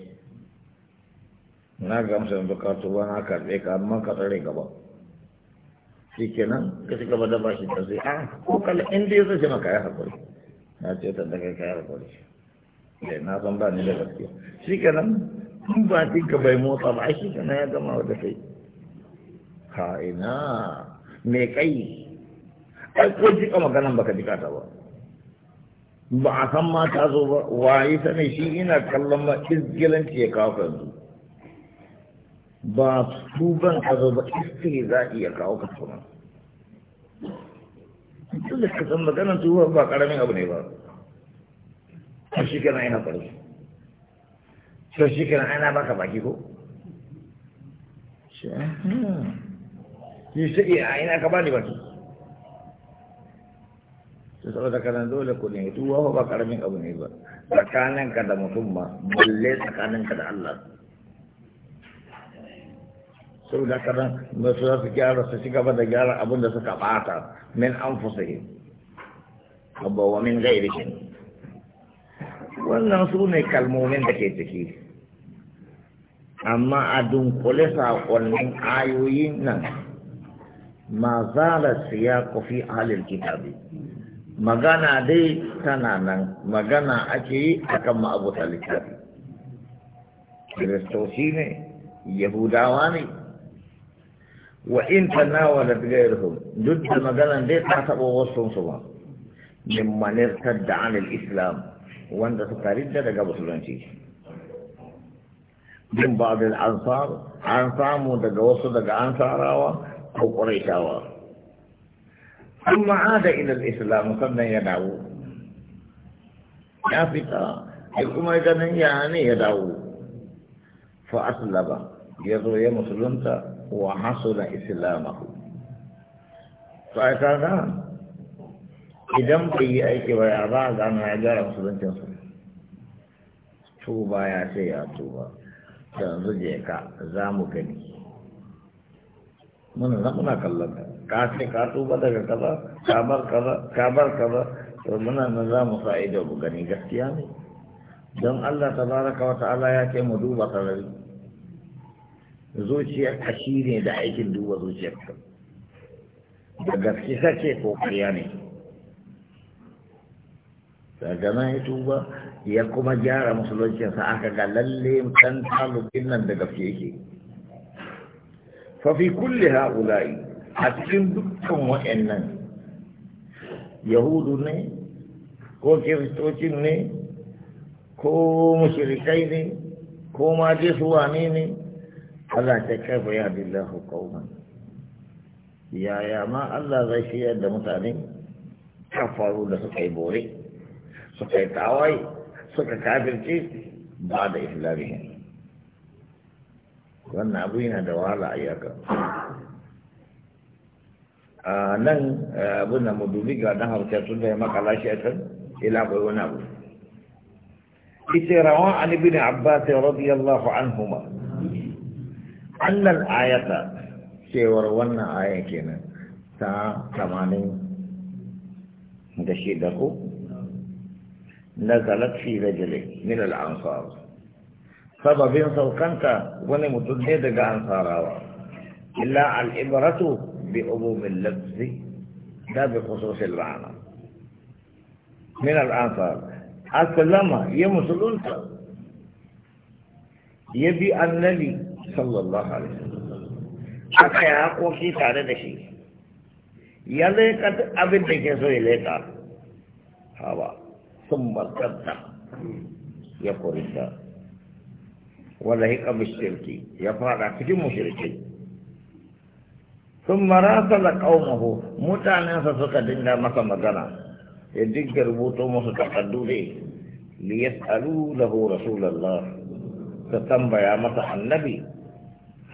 na gamsa da ka ba na karɓe ka amma ka tsare gaba shi kenan ka ci gaba da shi ta sai a ah, ko kala in dai zai maka ya haƙuri na ce ta daga ka ya haƙuri da eh, na san ba ni da gaske shi kenan in ba ka bai motsa ba shi kenan ya gama da kai ka ina me kai ai ko jika maganan baka jika ta ba ba a san ma ta zo ba waye sani shi ina kallon ma izgilanci ya kawo yanzu ba su ban ka zo ba iskiri za a iya kawo ka ba duk da ka san maganar tuwa ba karamin abu ne ba to shi kenan ina kwari su, shi kana ana baka baki ko shi hmm. sai a ina ka bani baki su saboda kana dole ku ne tuwa ba karamin abu ne ba tsakaninka da mutum ba. balle tsakaninka da Allah sau da kanan masu za su gyara su ci gaba da gyara abin da suka bata min an fusaye abu wa min gairikin wannan su ne kalmomin da ke ciki amma a dunkule saƙonnin ayoyin nan ma zala siya kofi halin kitabi magana dai tana nan magana ake yi akan ma'abuta littafi kiristoci ne yahudawa ne wa in tanawala bigairhum duk da maganan dai ta taɓa wasu su ba min manirtar da anil islam wanda suka ridda daga musulunci min ba'd ansar an samu daga wasu daga ansarawa ko quraishawa an ma'ada ilal islam sannan ya dawo ya fita ya kuma ganin ya ne ya dawo fa aslaba ya zo ya musulunta wa hasula islamahu fa kaga idan bai yi aiki ba ya ba ga na gara musuluncin su tuba ya ce ya tuba yanzu je ka za mu gani muna na kallon ka کاټه کاټو بده کړه کابر کړه کابر کړه ومنه نظام فائده وګڼي ګټیا نه دم الله تبارک و تعالی یا کې مدو بطل وی زوچی حشیری د اکی دوه زوچی کړه دا ګټی سکه کو کړی daga nan ya tuba ya kuma gyara musulunciya sa aka ga lalle mutan talibin nan da gafe yake fa fi kulli ha'ula'i a cikin dukkan wa'annan yahudu ne ko kiristocin ne ko mushrikai ne ko ma jesuwa ne ne Allah ta kafa ya dillahu qauman yaya ma Allah zai shiyar da mutane kafaru da suka yi bore suka yi tawaye suka kafirce ba da islamihin wannan abu yana da wahala a iyaka nan eh, abin da mudubi ga dan harshe tun da ya makala shi a can ila bai wani abu ita rawan an ibn abbas radiyallahu anhuma annal ayata cewar wannan aya kenan ta tamanin da shi da ku nazalat fi rajulin min al-ansar sababin saukanta wani mutum ne daga ansarawa illa al-ibratu بعموم اللفظ لا بخصوص المعنى من الأنصار السلامة أسلم يمسلون يبي النبي صلى الله عليه وسلم أكا يحقو في تارة دشي يليك أبن دكسو يليك هوا ثم قد يقول الله ولهيك مشركي يفعل في مشركي Sun ثم راسل ƙaunahu mutanensa suka dinga masa magana ya dinga rubuto musu takaddure li yas'alu lahu rasulullah ta tambaya masa annabi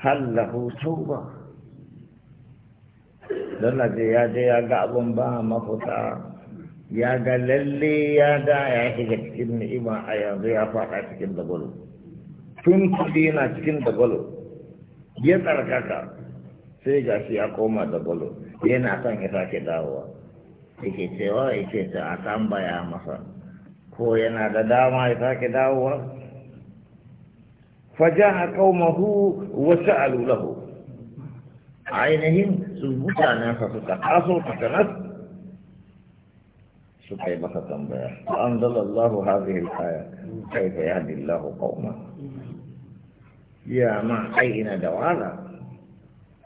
hallahu lahu tauba dan ya je ya ga abun ba mafuta ya ga lalle ya da ya shiga cikin ni'ima a yanzu ya faɗa cikin dagwalo tun kudi yana cikin dagwalo ya tsarkaka sai ga shi ya koma da balo yana son ya sake dawowa yake cewa yake ta a tambaya masa ko yana da dama ya sake dawowa fajaha qaumahu wa sa'alu lahu ainihin su mutanen sa suka taso suka nas suka yi masa tambaya anzalallahu hadhihi al-aya kayfa yahdi Allahu qauman ya ma ai ina da wahala?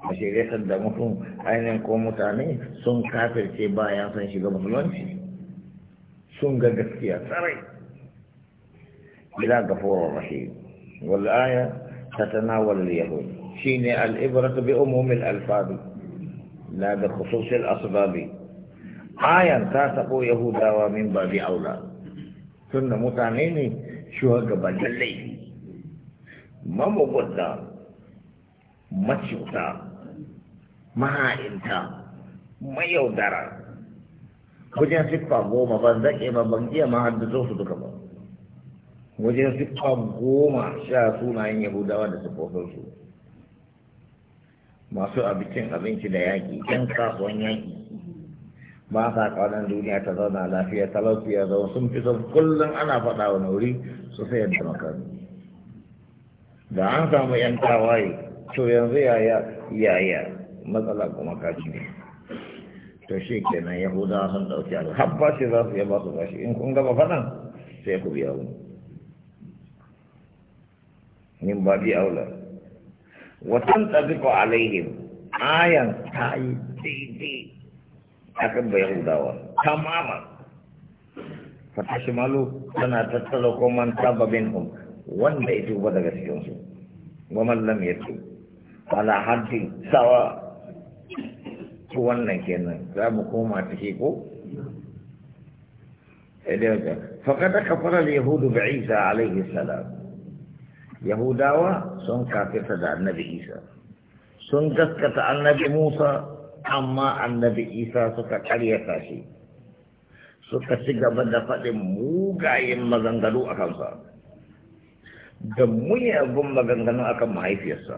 a shirya da mutum ainihin ko mutane sun kafirce bayan sun shiga musulunci sun ga gaskiya tsarai ila gafurar rahim wal aya tatanawal yahud shine al-ibratu bi umumil alfaz la bi khususil asbabi ayan ta taɓo yahudawa min ba bi aula da mutane ne shugabannin laifi mamugudda maciuta maha'inta mayaudara wajen siffa goma ban zaƙe ba ban iya ma su duka ba wajen siffa goma sha sunayen yahudawa da su masu abincin abinci da yaƙi ƴan kasuwan yaƙi ba sa ƙaunar duniya ta zauna lafiya talauci ya zauna sun fi son kullum ana faɗa wa nauri su sayar da makarni da an samu yan tawaye to yanzu yaya yaya matsala kuma kashi ne to shi kenan yahuda sun dauki abu har bashi za su iya su bashi in kun gaba faɗan sai ku biya mu min babi aula wa tabiqu alaihim ayan ta yi daidai akan fata shi malu tana tattalo ko man taba hum wanda ya tuba daga cikin su wa man lam yatub ala haddin sawa wannan kenan za mu koma ta shi ko idan eh, ka faqad kafara al isa alayhi salam yahudawa sun kafirta da annabi isa sun gaskata annabi musa amma annabi isa suka karya shi suka ci gaba da faɗin mugayen maganganu a kansa da muni abin maganganu akan mahaifiyarsa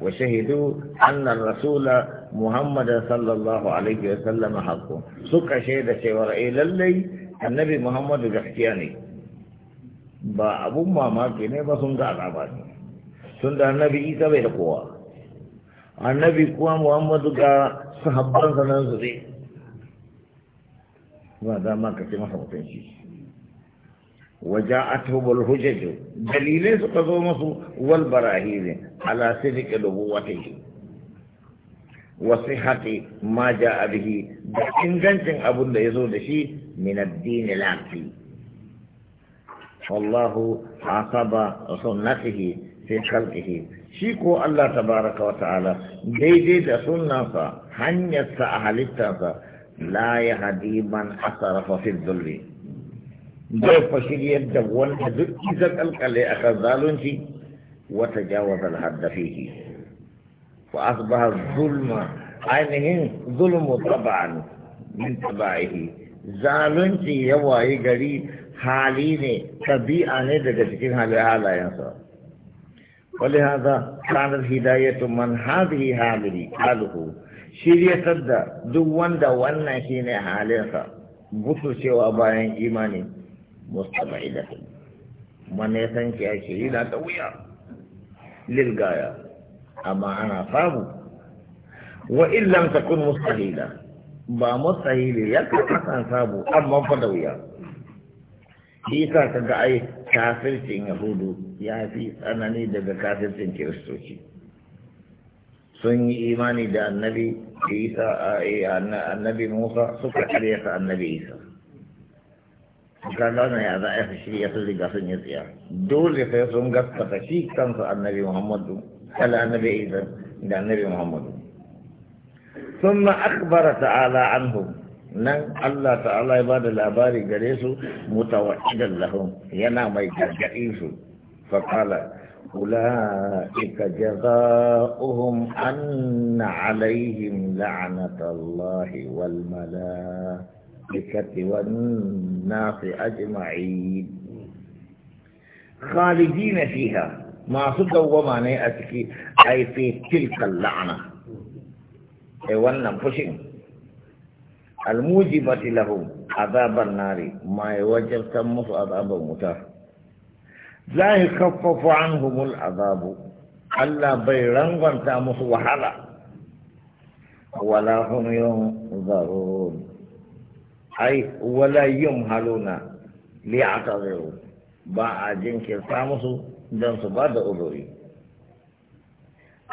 وشهدوا أن الرسول محمد صلى الله عليه وسلم حق سك شهد شوار إلى للي النبي محمد جحتياني با أبو ما ما كنه با سنجا عبادي سنجا النبي إيسا بيرقوا النبي قوى محمد جا صحبان سنان سري ما دام ما كتما سمتين شيء وجاءتهم الهجج دليل سقطومه والبراهين على صدق نبوته وصحة ما جاء به بإنجنت أبو يزود شيء من الدين العقلي والله عصب سنته في خلقه شيكو الله تبارك وتعالى ديدي سنة حنيت أهل لا يهدي من أصرف في الذل zai fashiriyar yadda wanda duk isa kalkale a kan zalunci wata jawazar ku fa asbaha zulma ainihin zulmu taba'an min taba'ihi zalunci ya wayi gari hali ne tabi'a ne daga cikin halayensa ولهذا كانت هداية من هذه حاله حاله شرية الدا دو وندا وانا شيني حالها بطل شوى باين إيماني mustama'idatin wani ya san kiya ake yi na wuya lilgaya amma ana samu wa illan takun mustahila ba mustahili ya sabu samu amma fa da wuya shi yasa kaga ai kafircin yahudu ya fi tsanani daga kafircin kiristoci sun yi imani da annabi isa annabi musa suka karyata annabi isa kaga na ya za a yi shirya sun riga sun yi tsiya dole sai sun gaskata shi kansu annabi muhammadu ala annabi isa da annabi muhammadu ثم أخبر تعالى عنهم nan Allah ta'ala ya bada labari gare su mutawaidan lahum yana mai gargaɗi su faƙala ula'ika jaza'uhum anna alaihim la'natullahi wal malaa ربك والناس أجمعين خالدين فيها ما صدوا وما نيأتك أي في تلك اللعنة أي والنفسهم الموجبة لهم عذاب النار ما يوجب تمس عذاب المتاه لا يخفف عنهم العذاب ألا بيرنغن تامس وحلا ولا هم ينظرون ai wala yin haluna li a ba a jinkirta musu don su ba da uzuri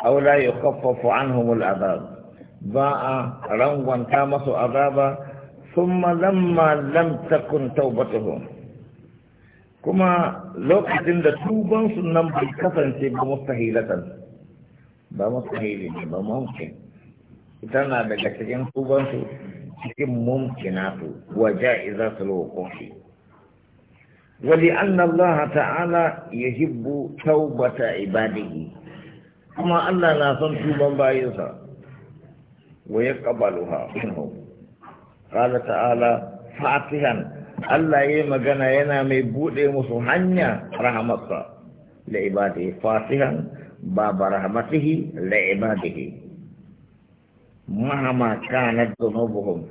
aula ya kafafu an humul azab ba a rangwanta masu azaba sun lamma lam takun taubatuhum kuma lokacin da tubansu nan bai kasance ba mustahilatan ba mustahili ne ba mumkin tana daga cikin tubansu cikin mumkinatu wa ja'izatul wuqufi wa li anna Allah ta'ala yuhibbu taubata ibadihi kuma Allah na son tuban bayinsa wa yaqbaluha minhu qala ta'ala fatihan Allah yayi magana yana mai buɗe musu hanya rahmatsa la ibadihi fatihan baba rahmatihi la ibadihi مهما كانت ذنوبهم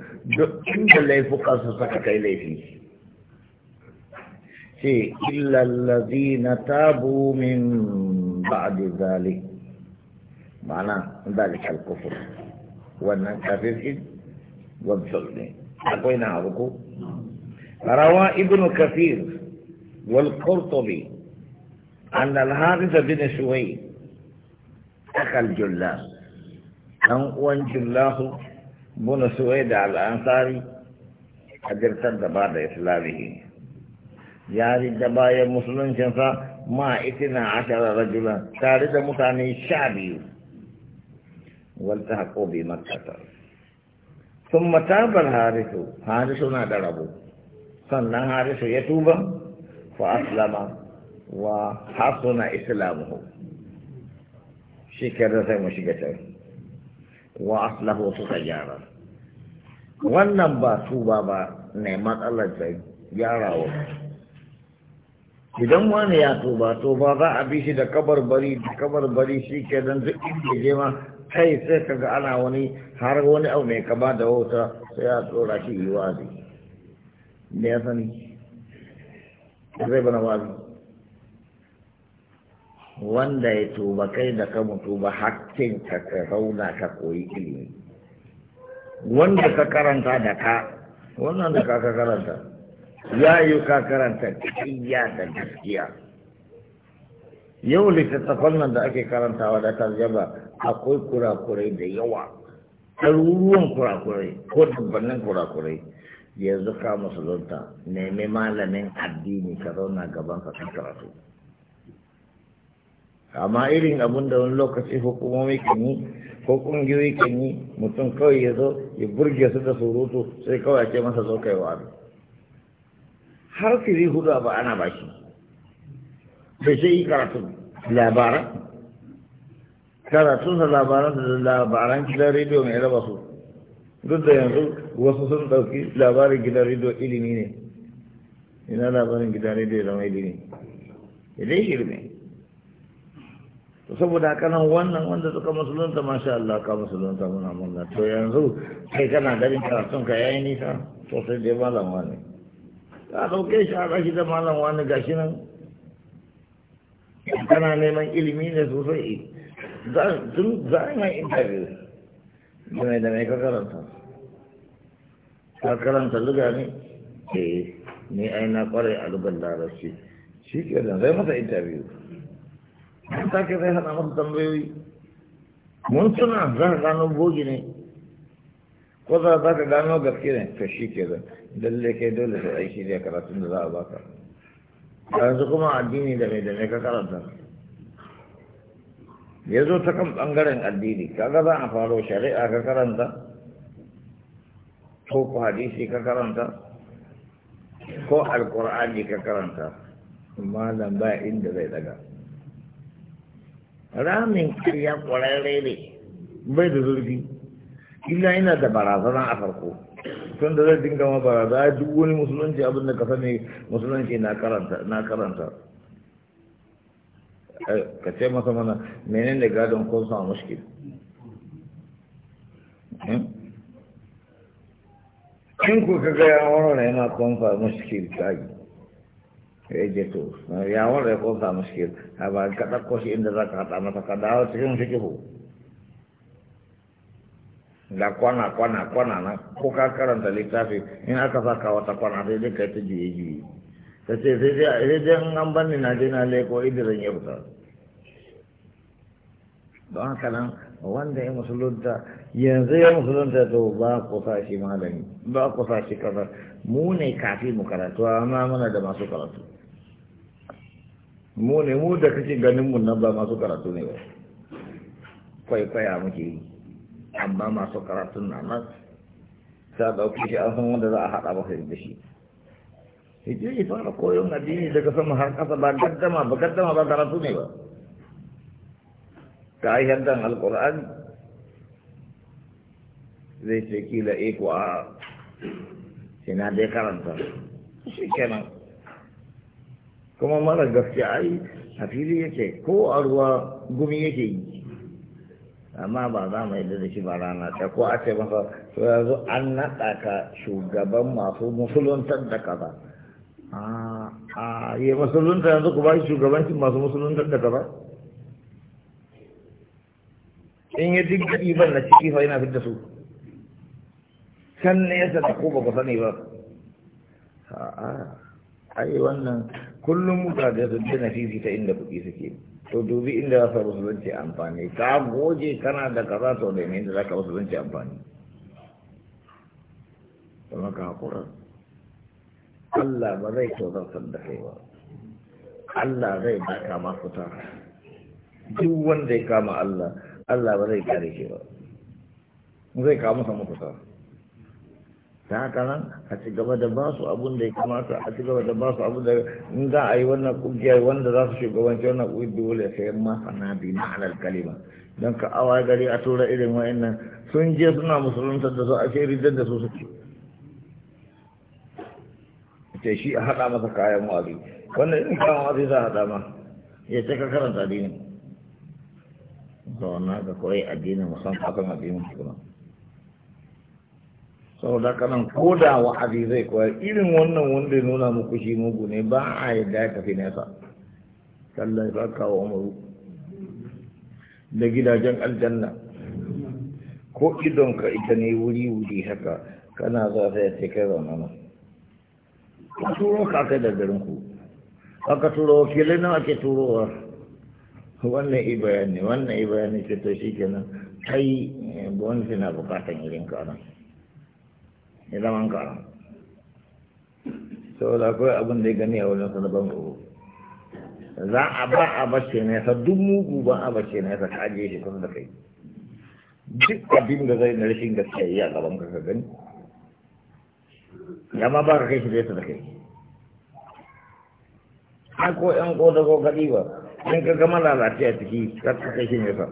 عند الليف قصص سكت إليه في إلا الذين تابوا من بعد ذلك معنى ذلك الكفر والنكافر والظلم أقوينا عرقو روى ابن كثير والقرطبي أن الحارث بن شوي أخى الجلاس ɗan uwan jillahu buna suwai da al'ansari a jirtar da ba da islamihi ya da bayan musuluncinsa ma itina ashara rajula tare da mutane sha biyu walta haƙo bi makata sun matabar harisu harisu na da rabu sannan harisu ya tuba fa aslama wa hasuna islamuhu shi sai mu shiga can wa aslahu suka gyara wannan ba su ba ba ne matsalar da gyarawa idan wani ya tuba ba za a bi shi da bari da bari shi ke don duk inda je ma kai sai ka ga ana wani har wani abu mai kama da wauta sai ya tsora shi yi wazi me ya sani zai bana wazi wanda ya tuba kai da ka mutu ba hakkin ka ka zauna ka koyi ilimi wanda ka karanta da ka wannan da ka karanta ya yi ka karanta kiyya da gaskiya yau littattafan nan da ake karantawa da tarjaba akwai kurakurai da yawa ɗaruruwan kurakurai ko dubbannin kurakurai yanzu ka musulunta nemi malamin addini ka zauna gaban ka karatu amma irin abun da wani lokaci hukumomi kan yi ko kungiyoyi kan yi mutum kawai ya zo ya burge su da surutu sai kawai a masa zo kai wa har fili hudu a ba ana baki bai sai yi karatu labaran karatun sa labaran da labaran gidan rediyo mai raba su duk da yanzu wasu sun ɗauki labarin gidan rediyo ilimi ne ina labarin gidan rediyo zama ilimi idan shirme to saboda haka nan wannan wanda suka musulunta masha Allah ka musulunta muna murna to yanzu kai kana garin karatun ka yayi nisa to sai dai malam wani ka dauke shi a gashi da malam wani gashi nan kana neman ilimi ne sosai za tun za a yi interview da mai da mai ka karanta ka karanta luga ne eh ni ai na kware a lugar larabci shi ke zai masa interview an sake zai hana masa tambayoyi mun suna za ka gano bogi ne ko za a ka gano gaske ne Ka shi ke zan lalle kai dole sai aiki ne karatun da za a baka yanzu kuma addini da mai da mai ka karanta ya zo ta kan bangaren addini kaga za a faro shari'a ka karanta ko ku hadisi ka karanta ko alkur'ani ka karanta Amma malam ba inda zai daga ramin karya kwararre ne bai da zurfi illa yana da barazana a farko tun da zai dinga ma barazana duk wani musulunci abin da ka sani musulunci na karanta eh, ka ce masa mana menene da gadon kun samu mushkil hmm? in ku ka gaya wani yana kun samu mushkil kai ya je to ya wanda ya kosa muskil a ba ka ɗauko shi inda za ka haɗa masa ka dawo cikin fikihu da kwana kwana kwana na ko ka karanta littafi in aka saka wata kwana sai dai kai ta juye juye ta ce sai dai sai dai in an banni na je na leko idirin ya fita don haka nan wanda ya musulunta yanzu ya musulunta to ba ku sa shi malami ba ku shi kaza mu ne kafi mu karatu amma muna da masu karatu mu ne mu da kake ganin mun nan ba masu karatu ne ba kwaikwaya muke yi amma masu karatu na nan ta dauki shi an san wanda za a haɗa masa da shi hijir ya fara koyon addini daga sama har ƙasa ba gaddama ba gaddama ba karatu ne ba ta yi haddan alƙur'ani zai ce kila iko eh a sai na karanta shi kenan kuma mara gaske ai a fili yake ko a ruwa gumi yake yi amma ba za mu yi da shi ba rana ta ko a ce masa to yanzu an naɗa ka shugaban masu musuluntar da kaza a yi musulunta yanzu ku ba shi shugabancin masu musuluntar da kaza in duk da ɗiban na ciki fa yana fitar su can ne yasa da ko ba ku sani ba ai wannan kullum mutane su dina fifita inda kuɗi suke to dubi inda za ka musulunci amfani ka goje kana da kaza to da inda za ka musulunci amfani kuma ka haƙura Allah ba zai san da kai ba Allah zai baka mafuta duk wanda ya kama Allah Allah ba zai kare shi ba zai kawo masa mafuta ta haka nan a ci gaba da ba su abun da ya kamata a ci gaba da ba su abun da in za a yi wannan kungiyar wanda za su shugabanci wannan kungiyar dole sai masana bi ma'anar kalima don ka awa gari a tura irin wa'annan sun je suna musulunta da su a ce ridar da su su ce shi a haɗa masa kayan wazi wannan in kawo wazi za a haɗa ma ya ce ka karanta addini zauna ka koyi addinin musamman akan addinin kuma saboda kanan ko da wa'azi zai koyar irin wannan wanda ya nuna muku shi mugu ne ba a yadda ya tafi nesa kallon ba kawo umaru da gidajen aljanna ko idon ka ita ne wuri-wuri haka kana za ta yace kai zaune nan ka turo ka kai da garin ku aka turo wakilai nawa ake turowa wannan i bayani wannan i bayani ce to shi kenan kai eh, wani na bukatan irin ka nan ya zama ka saboda akwai abin da ya gani a wajen sanaban ruhu za a ba a bace nesa duk mugu ba a bace nesa ka ajiye ya kusa da kai duk abin da zai na rashin gaskiya yi a gaban ka ka gani ya ma ba ka kai shi nesa da kai a ko yan ko da ko gadi ba in ka gama lalace a ciki ka kai shi nesa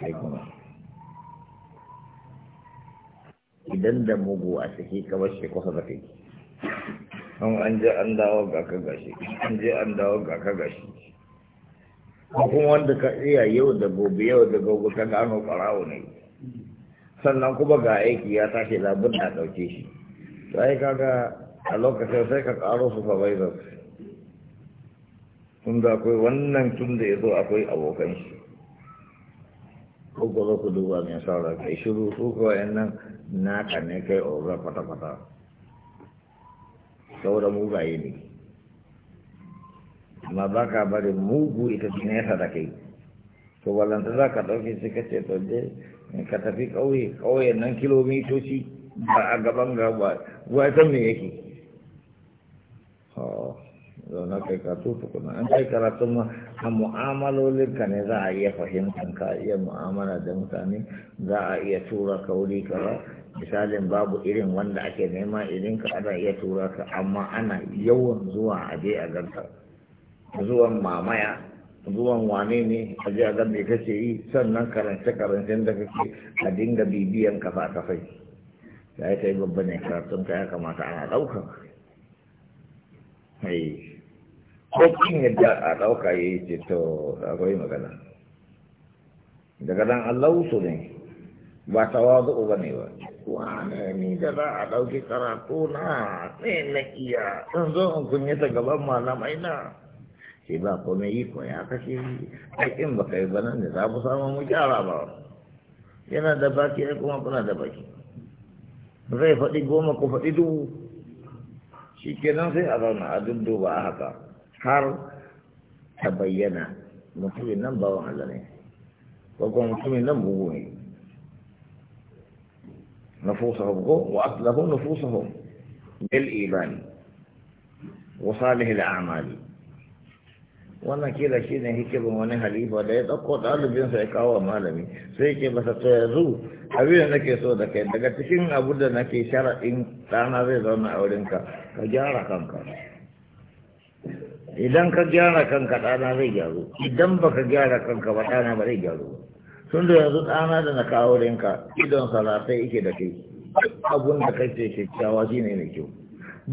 sai kuma idan da mugu a ciki ka bar shi kusa da kai an an je an dawo ga ka gashi an je an dawo ga ka gashi ko kuma wanda ka iya yau da gobe yau da gobe ka gano ƙarawo ne sannan kuma ga aiki ya tashi labun da ɗauke shi sai ka kaga a lokacin sai ka ƙaro su fa bai tun da akwai wannan tun da ya zo akwai abokan shi ko gobe ku duba mai saura kai shiru ko ko nan naka ne kai oga kwata-kwata saura yi ne amma ba ka bari mugu ita ce nesa da kai to walanta za ka ɗauke sai ka ce to je ka tafi ƙauye ƙauye nan kilomitoci ba a gaban gaba wata me yake oh. zauna kai karatun tukuna an kai ma a ka ne za a iya fahimtar ka iya mu'amala da mutane za a iya tura ka wuri ka ba misalin babu irin wanda ake nema irin ka ana iya tura ka amma ana yawan zuwa a je a ganta zuwan mamaya zuwan wane ne a je a ga me kake yi sannan karance karancen da kake a dinga bibiyan kafa kafai ya yi ta yi babban karatun ka ya kamata ana ɗaukar haƙƙin yadda a ɗauka ya yi ce to akwai magana daga nan allahu su ne ba tawazu ba ne ba wane ni da za a ɗauki karatu na ne na iya in zo in kunyata gaban malamai na sai ba komai yi ko ya kashe aikin ba kai ba nan da za ku samu mu gyara ba yana da baki ai kuma kuna da baki zai faɗi goma ku faɗi dubu shi kenan sai a zauna a dudduba a haka har ta bayyana mutumin nan bawan Allah ne ko kuma mutumin nan bugu ne bil وأصلهم Wa salih al الأعمال wannan kila shi ne hikimin wani halifa da ya ɗauko ɗalibinsa ya kawo malami sai ke masa to yanzu abin da nake so da kai daga cikin abu da nake sharaɗin ɗana zai zauna a wurinka ka gyara kanka idan ka gyara kanka ɗana zai gyaru idan baka gyara kanka ba ɗana ba zai gyaru ba tun da yanzu ɗana da na kawo rinka idon salatai yake da kai abun da ce kyakkyawa shi ne mai kyau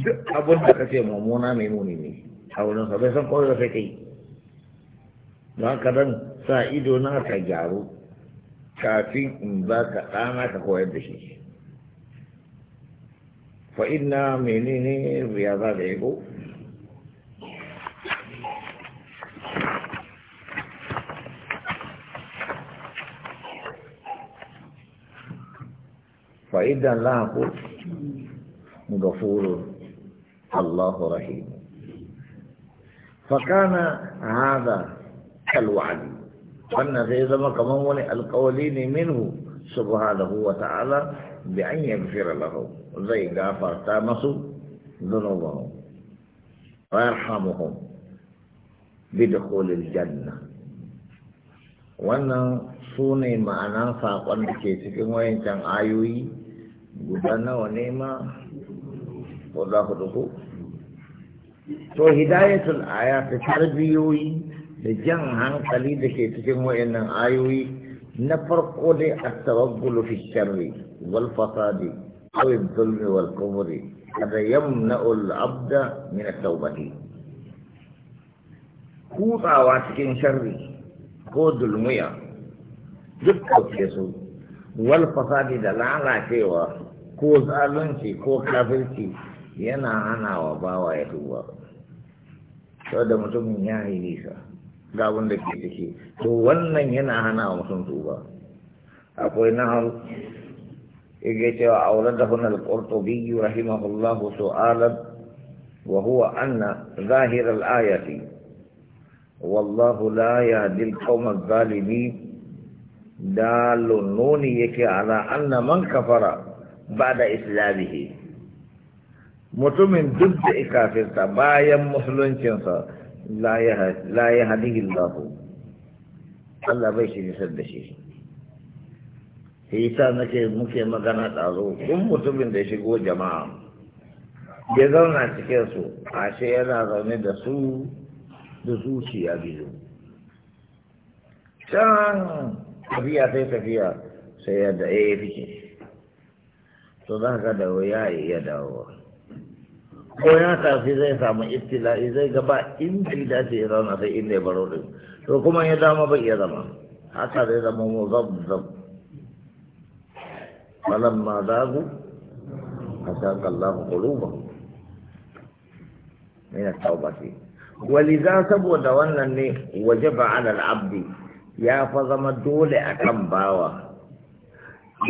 duk abun da ce mummuna mai muni ne a wurin sa bai san kawai da kai don haka dan sa ido na ka gyaru kafin in ba ka ɗana ka koyar da shi fa menene ya za da ya فإذا الله غفور الله رحيم فكان هذا كالوعد وأن في ذم كمون القولين منه سبحانه وتعالى بأن يغفر له زي غافر تامسوا ذنوبهم ويرحمهم بدخول الجنة وأن سوني معنى فاقا كي تكون وين كان آيوي guda nawa ne ma guda hudu ko to hidayatul ayat tarbiyoyi da jan hankali da ke cikin wayannan ayoyi na farko dai a tawakkul fi sharri wal fasadi aw adh-dhulmi wal kufri kada yamna'u al-abda min at-tawbati kutsawa cikin sharri ko dulmiya duk ke so wal fasadi da lalacewa ko zalunci ko kafirci yana hana wa bawa ya tuba sau da mutumin ya yi nisa wanda ke ciki to wannan yana hana wa mutum tuba akwai na hau iga cewa a wurin da hunar ƙorto biyu rahimahullahu su alab wa huwa anna zahirar ayati wallahu la ya dil kawmar zalimi da lononi yake ala anna man kafara ba da islamihi mutumin duk da ikafinsa bayan musuluncinsa la ya hadihin lahu Allah bai shi nisar da shi hita nake muke magana tsaro kun mutumin da shigo jama'a ya zauna cikin su ashe yana zaune da su da zuciya biyu can tafiya sai tafiya sai yadda eh, ya fice to za ka da ya iya dawo ko ya tafi zai samu ibtila'i zai gaba in bai dace ya zauna sai inda ya baro din to kuma ya dama bai iya zama haka zai zama mu zab Malam ma zagu a sa kallahu kuluba mina taubati walidha saboda wannan ne waje ba ala Abdi? ya fa zama dole akan bawa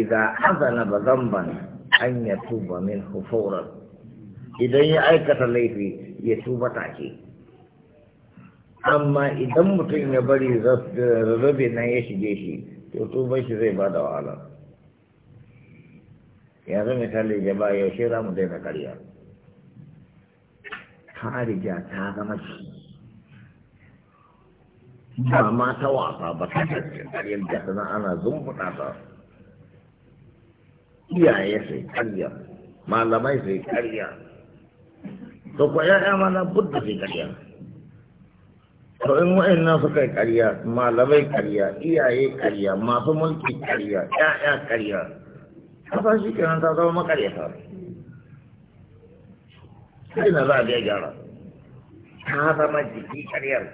idza azana ba zanban an ya tuba min fawran idan ya aikata laifi ya tuba take amma idan mutum ya bari rarrabe nan ya shige shi to tuba shi zai bada wahala yanzu misali jaba yaushe za mu daina karya ta riga ta zama shi ba ma ta wasa ba ta karyar da sana ana zumbuɗa ta iyaye sai karya malamai sai karya to ko ya'ya ma na budda sai karya to in wa'annan suka yi karya malamai karya iyaye karya masu mulki karya ya'ya karya kasan shi kenan ta zama makaryata sai na za a biya gyara ta zama jiki karyar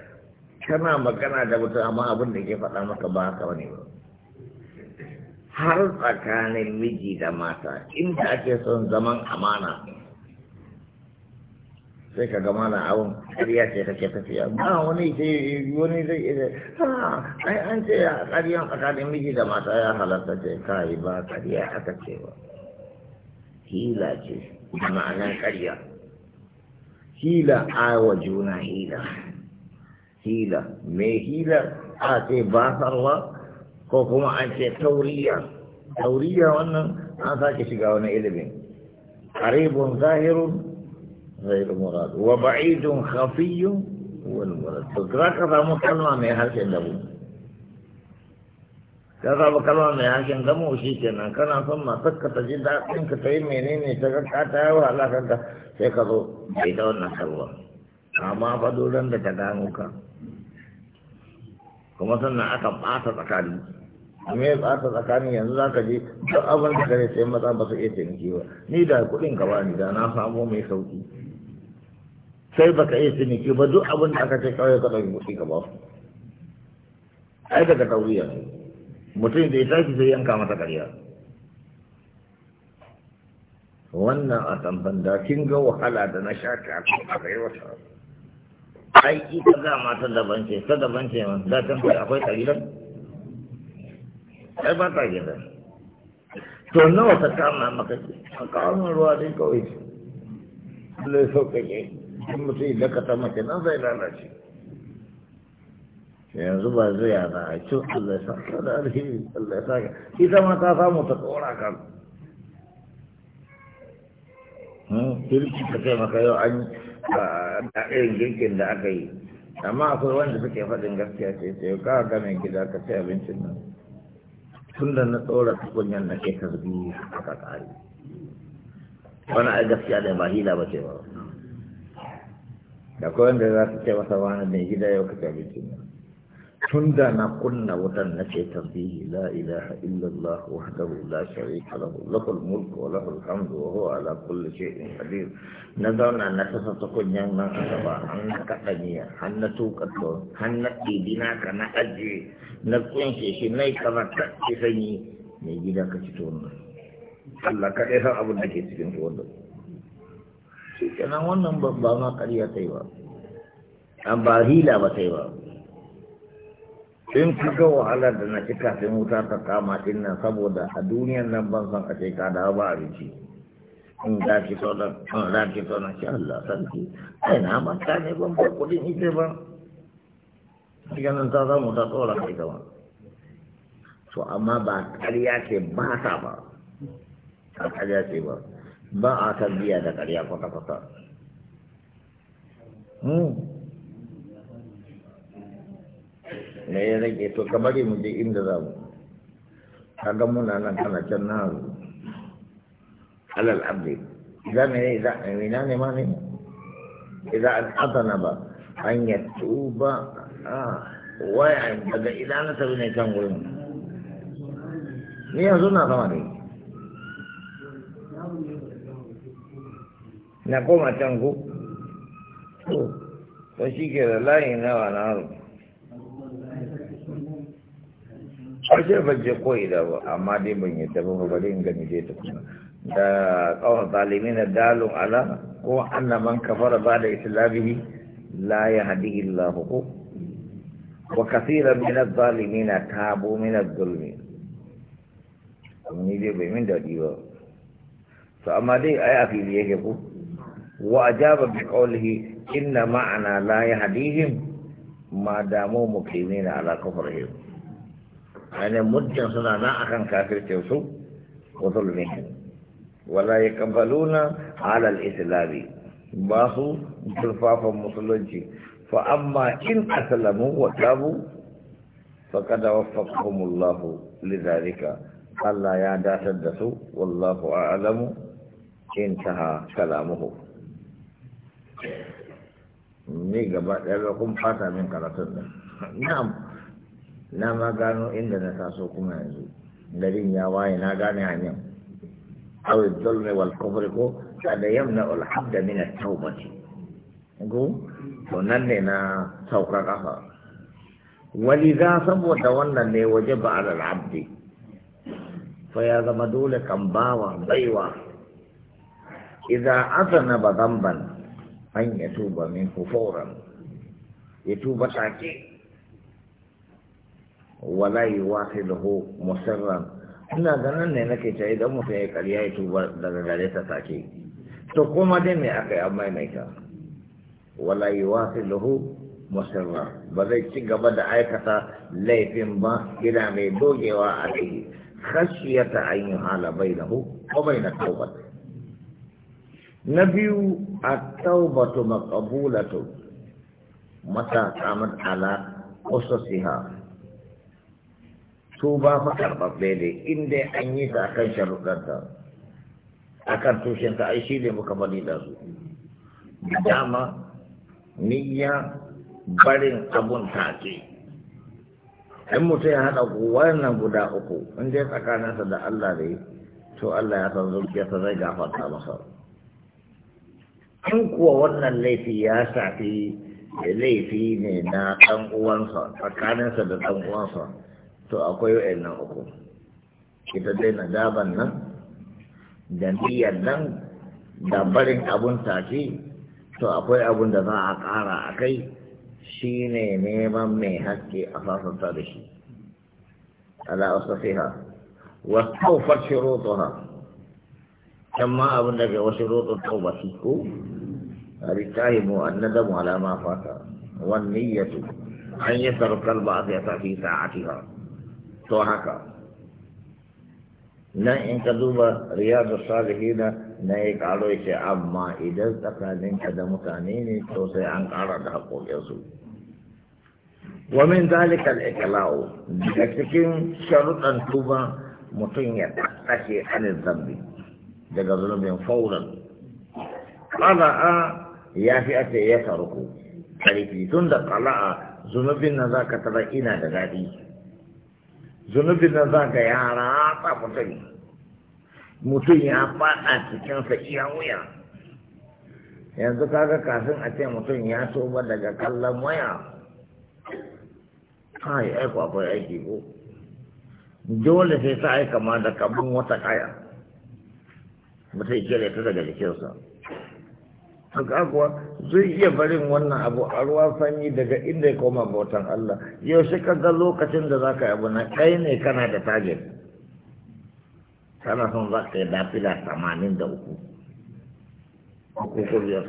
kana magana da mutum amma abin da ke faɗa maka ba haka wani ba har tsakanin miji da mata inda ake son zaman amana sai ka gama na abun ƙarya ce take tafiya ba wani ce wani zai iya ha ai an ce ƙaryan tsakanin miji da mata ya halatta ce kai ba ƙarya aka ce ba hila ce da ma'anar ƙarya hila awa juna hila hila mai hila a ce ba sarwa ko kuma an ce tauriya tauriya wannan an sake shiga wani ilimin qaribun zahirun ghairu murad wa ba'idun khafiyyun wal murad to ka samu kalma mai harshen dabu ka samu kalma mai harshen damu shi kenan kana son matar ka ta ji daɗin ka ta yi menene ta ga ka ta yawa halakar da sai ka zo da ta wannan kalma amma fa doron da ta gano ka kuma sannan aka ɓata tsakanin me ba ta tsakanin yanzu za ka je duk abin da kare sai maza ba su iya ciniki ba ni da kuɗin ka bani da na samu mai sauki sai baka iya ciniki ba duk abin da aka ce kawai ka ɗauki kuɗi ka ba su ai daga tauriya mutum da ya tashi sai yanka masa ƙarya wannan a tamban da kin ga wahala da na sha ta a kai wata ai ita ga mata daban ce ta daban ce da kan akwai ƙarilan? ai ba ta gida to nawa ta kama maka ce a kawo ruwa dai kawai lai sauƙaƙe in mutum idan ka ta mace nan zai lalace yanzu ba zai yana a cin Allah sa ka da alheri Allah sa ka ita ma ta samu ta tsora kan hmm? kirki ta kai maka yau an da irin girkin da aka yi amma akwai wanda suke faɗin gaskiya ce sai ka ga mai gida ka sai abincin nan tun da na tsora tukunyan na ke tarbi aka kare wani a gaskiya da ba hila ba ce ba da kawai da za su ce masa wani mai gida yau kake abincin nan tun da na kunna wutan na ce tasbihi la ilaha illallah wahdahu la sharika lahu lahul mulku wa lahul hamdu wa huwa ala kulli shay'in qadir na zauna na tasa tukunyan nan a gaba an kaɗa niyya har na tuƙa to har na ɗibi naka na ajiye na kunshe shi na yi ta shi sanyi mai gida ka ci tuwon Allah ka ɗaya abin da ke cikin tuwon nan shi kenan wannan ba ma ƙarya ta yi ba an ba hila ba ta yi ba in ka ga wahalar da na ci kafin wuta ta kama din nan saboda a duniyar nan ban san a ka da ba abinci in za ki so in za ki so shi Allah sarki ai na ta ne ban ba kuɗin ita ba ganin ta za mu ta tsora kai gaba to amma ba ƙarya ce ba ta ba a ƙarya ce ba ba a biya da ƙarya kwata-kwata hmm. me ya rage to ka bari mu je inda za mu kaga muna nan kana can na haru alal abdi za mu ne za mu ne ma ne idan an adana ba an yatuba waya daga ina na tabi ne kan gurin ni yanzu na sama ne na koma can ku ko shi ke da layin nawa na haru ƙarshe ban je ko ida ba amma dai ban yadda ba bari in gani dai ta kuma da ƙawar zalimi na dalun ala ko annaman kafara ba da islamihi la ya hadi Allah ko وكثيرا من الظالمين تابوا من الظلم ni dai bai min daɗi ba to amma dai a yi afili yake ku wa ajaba bi qawlihi inna ma'ana la yahdihim ma damu muqimina ala kufrihim ana muddin suna na akan kafircin su wa zulmihim wala yaqbaluna ala al ba su zulfafan musulunci fa amma in aslamu wa tabu faqad waffaqahumullahu lidhalika Allah ya datar da su wallahu a'lamu taha kalamuhu ni gaba ɗaya kun fata min karatun da na'am na ma gano inda na taso kuma yanzu garin ya waye na gane hanyar awid dolme wal kufri ko kada yamna al habda min at-tawbati go to nan ne na saukar kafa Wani za saboda wannan ne waje ba a abdi fa ya zama dole kan bawa baiwa idza azana ba zamban an ya tuba min fauran. ya tuba take wala yi yuwahiduhu musamman ina ganin ne nake ta idan mutum ya karya ya tuba daga gare ta take to kuma dai me aka yi amma mai ta wala lahu musirra ba zai ci gaba da aikata laifin ba yana mai dogewa a ciki khashiyata an yi hala bainahu ko bainat taubat na biyu a taubatu maqbulatu mata qamat ala usasiha su ba fa karɓaɓɓe ne in dai an yi ta akan sharuɗanta akan tushenta ai shi ne muka bani da su dama niyya barin abun take in mutum ya haɗa wannan guda uku in dai tsakaninsa da Allah da to Allah ya san ta zai gafarta masa in kuwa wannan laifi ya shafi laifi ne na ɗan uwansa tsakaninsa da ɗan uwansa to akwai wa'annan uku ita dai daban nan da niyyar nan da barin abun take to akwai abun da za a ƙara a kai shi ne neman mai haske a fasanta da shi ala wasafiha wa taufar ha!" can ma abin da ga wasu rotsun taubati ko a littahi mu an nadamu ala ma fata wan niyyatu an yi sarkar ba sai ta fi sa'atiha to haka nan in ka duba da salihina na yi karo shi amma idan tsakaninka da mutane ne to sai an ƙara da haƙoƙinsu wamin zalikal ikla'u daga cikin sharuɗan tuba mutum ya tsashe anin zambi daga zunubin fauran ƙala'a ya fi ake ya taruku ƙarfi tun da ƙala'a zunubin nan za ka tara ina da daɗi zunubin na za ka yara ta mutum mutum ya faɗa cikinsa iya wuya yanzu kaga kafin a ce mutum ya tuba daga kallon waya ai aiko akwai aiki ko dole sai ta aika kama da kabin wata kaya mutum kere ta daga jikinsa haka kuwa zai iya barin wannan abu a ruwa sanyi daga inda ya koma bautan Allah yau shi ka ga lokacin da za ka yi abu na kai ne kana da target kana son za ka yi dafila tamanin da uku uku ko biyar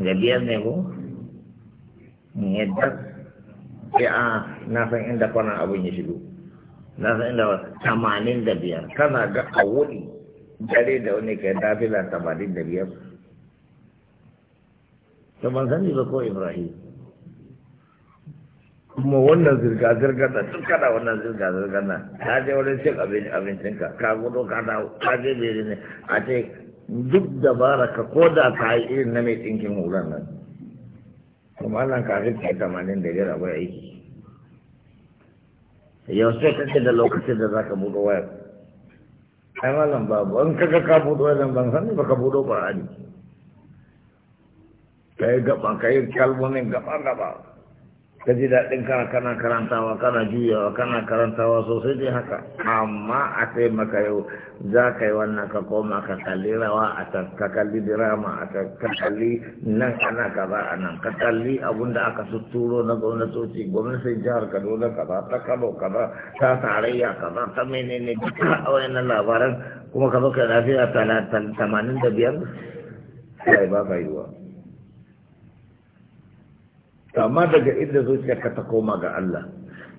da biyar ne ko yadda sai a na san inda kwanan abin ya shigo na san inda wasu tamanin da biyar kana ga a wuri dare da wani kai dafila tamanin da biyar to ban sani ba ko ibrahim kuma wannan zirga-zirgar da duk kada wannan zirga-zirgar na ta je wani cin abincinka ka gudu ka da ka je bere ne a ce duk dabara ka ko da ka yi irin na mai tsinkin wuran nan kuma nan kafin ta yi tamanin da biyar akwai aiki yau sai kake da lokacin da za ka buɗo wayar ai malam babu an kaga ka buɗo wayar ban san ba ka a ƙwararri ka yi gaba ka yi kalmomin gaba gaba ka ji daɗin kana kana karantawa kana juyawa kana karantawa sosai dai haka amma a sai maka yau za ka yi wannan ka koma ka kalli rawa a can ka kalli dirama a can ka kalli nan ana kaza a nan ka kalli abun da aka suturo na gwamnatoci gwamnatin jihar kaduna kaza ta kano kaza ta tarayya kaza ta menene duka a wayannan labaran kuma ka zo ka lafiya tamanin da biyar sai ba ka yi wa. amma daga inda zuciyarka ta koma ga Allah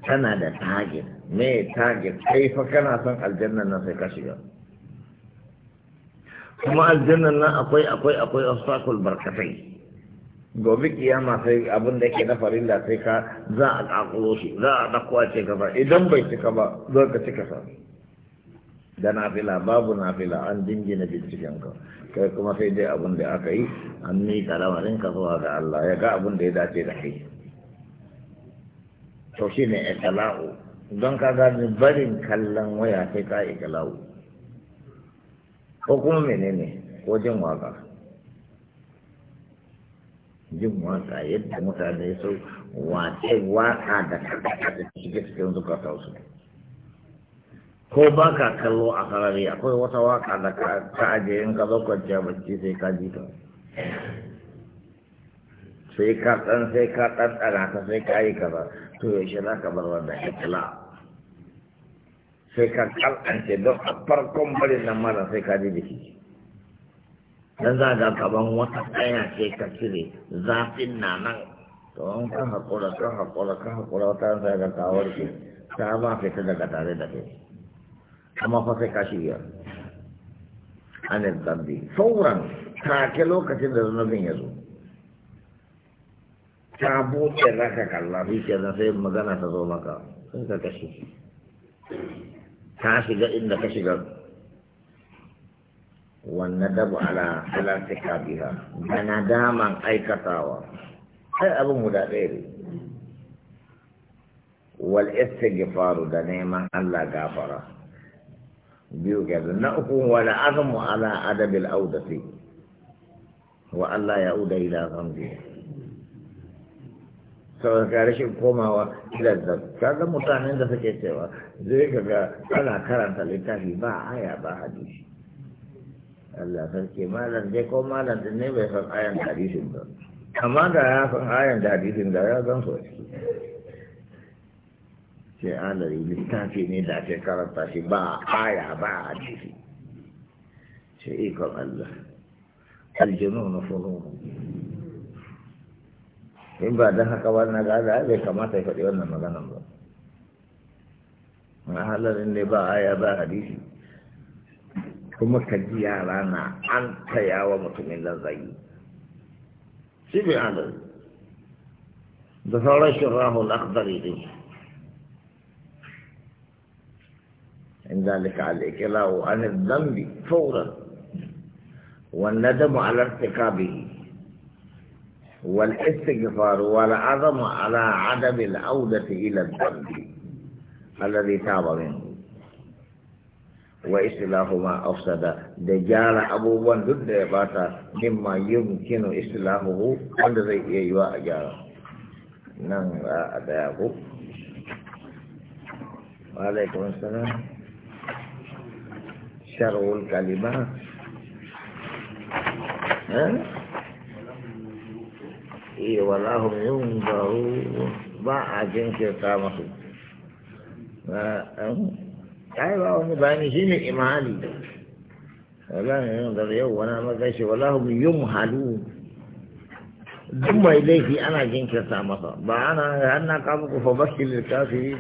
tana da target me target kai fa kana son aljannan nan sai ka shiga kuma aljannan nan akwai akwai akwai obstacle barkatai gobe kiyama sai abin da yake na farilla sai ka za a kakulo shi za a dakko a ce gaba idan bai cika ba za ka cika sa da nafila babu nafila an jingina binciken ka kai kuma sai dai abin da aka yi an miƙa lamarin ka zuwa ga Allah ya ga abin da ya dace da kai to shi ne ikala'u don ka gani barin kallon waya sai ka ikala'u ko kuma menene ko jin waka jin waka yadda mutane su wace waka da kada da cikin cikin zukata ko ba ka kallo a sarari akwai wata waka da ka aje in ka zo bacci sai ka ji ta sai ka dan sai ka dan dana ta sai ka yi kaza to yaushe za ka bar wannan ikila sai ka kal'ance don a farkon bari na mara sai ka ji jiki dan za ga kaban wata ɗaya sai ka cire zafin na nan to an ka haƙura ka haƙura ka haƙura wata za ga kawar ki ta ma fita daga tare da kai amma fa sai ka shirya anil zambi sauran take lokacin da zunubin ya zo ta buɗe raka kalla shi ke sai magana ta zo maka sun ka kashe ta shiga inda ka shiga wannan dabu ala halartika biha da nadaman aikatawa ai abin guda ɗaya ne wal istighfaru da neman Allah gafara biyu kenan na uku wala azmu ala al audati wa Allah ya uda ila zambi saboda ka rashin komawa ila da kaga mutanen da suke cewa zai kaga ana karanta littafi ba aya ba hadisi Allah sarki malam dai ko malam din ne bai san ayan hadisin ba amma da ya san ayan da hadisin da ya zan so ce alari littafi ne da ake karanta shi ba aya ba a ciki ce ikon Allah aljinu na fununu in ba don haka wannan gada bai kamata ya faɗi wannan maganan ba na halarin ne ba aya ba hadisi kuma ka ji yara na an taya wa mutumin lanzayi shi bai halari da sauran shirahul akhdari din إن ذلك عليك لا عن الذنب فورا والندم على ارتكابه والاستغفار والعظم على عدم العودة إلى الذنب الذي تاب منه وإصلاحهما أفسد دجال أبو ضد باتا مما يمكن إصلاحه عند ذي يوا نعم أداه وعليكم السلام شرع الكلمات ها اي والله ينظروا بعد انقطاع مخلوق أي والله مبانيين إيمانيين ولا ينظر يوم وانا ما قايش ولا هم يمهلون ثم اليه انا جنك سامخا بعنا انا قابك فبشر للكافرين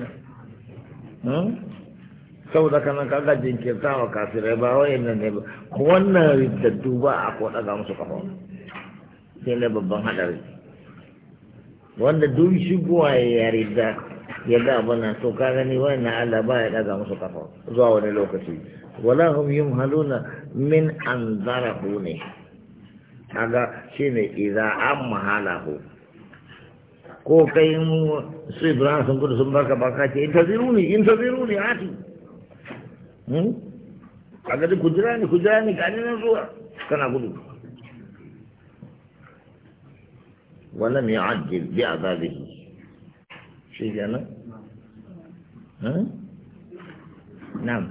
saboda kana kaga jinkirta wa kafirai ba wayannan ne ba wannan riddaddu ba a ko daga musu kafa sai ne babban hadari wanda duk shigowa ya yarda ya ga bana to ka gani wannan Allah ba ya daga musu kafa zuwa wani lokaci wala hum yumhaluna min anzarahu ne kaga shine idza amma halahu ko kai mu su ibrahim sun gudu sun baka baka ce intaziruni intaziruni ati Hmm? a gari ku jira ni ku gani nan zuwa kana gudu wala mai ajiyar bi a zabihi shi gana nan hmm?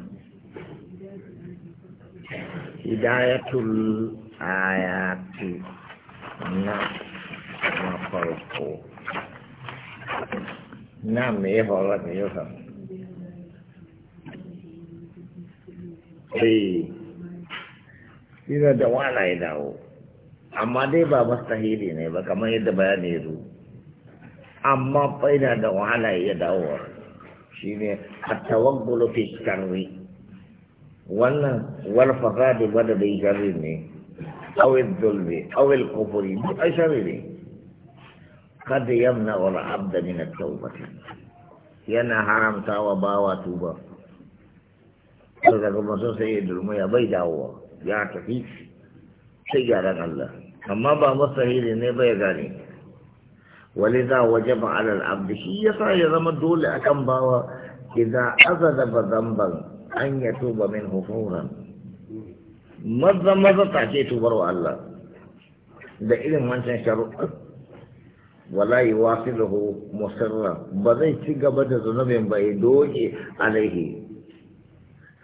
hidayatul ayati na mafarko na mai horar da yau eh ina da wala ya dawo amma dai ba mustahili ne ba kamar yadda bayani ya zo amma fa da wahala ya dawo shine a tawaggulu fi sharri wannan wal fasadi bada dai sharri ne awil zulmi awil al duk ai sharri ne kada yamna wal abda min at-tawbati yana haramta wa bawa tuba sai ga kuma sun sai durmai ya bai dawowa ya tafi sai gyaran Allah amma ba masahili ne bai gane wani za waje ba alal shi ya sa ya zama dole akan bawa idan aza da ba zamban an ya tuba min hufuran maza maza ta ce tubar wa Allah da irin wancan sharuɗa walayi wasu da hu musarra ba zai ci gaba da zunubin ba ya doke alaihi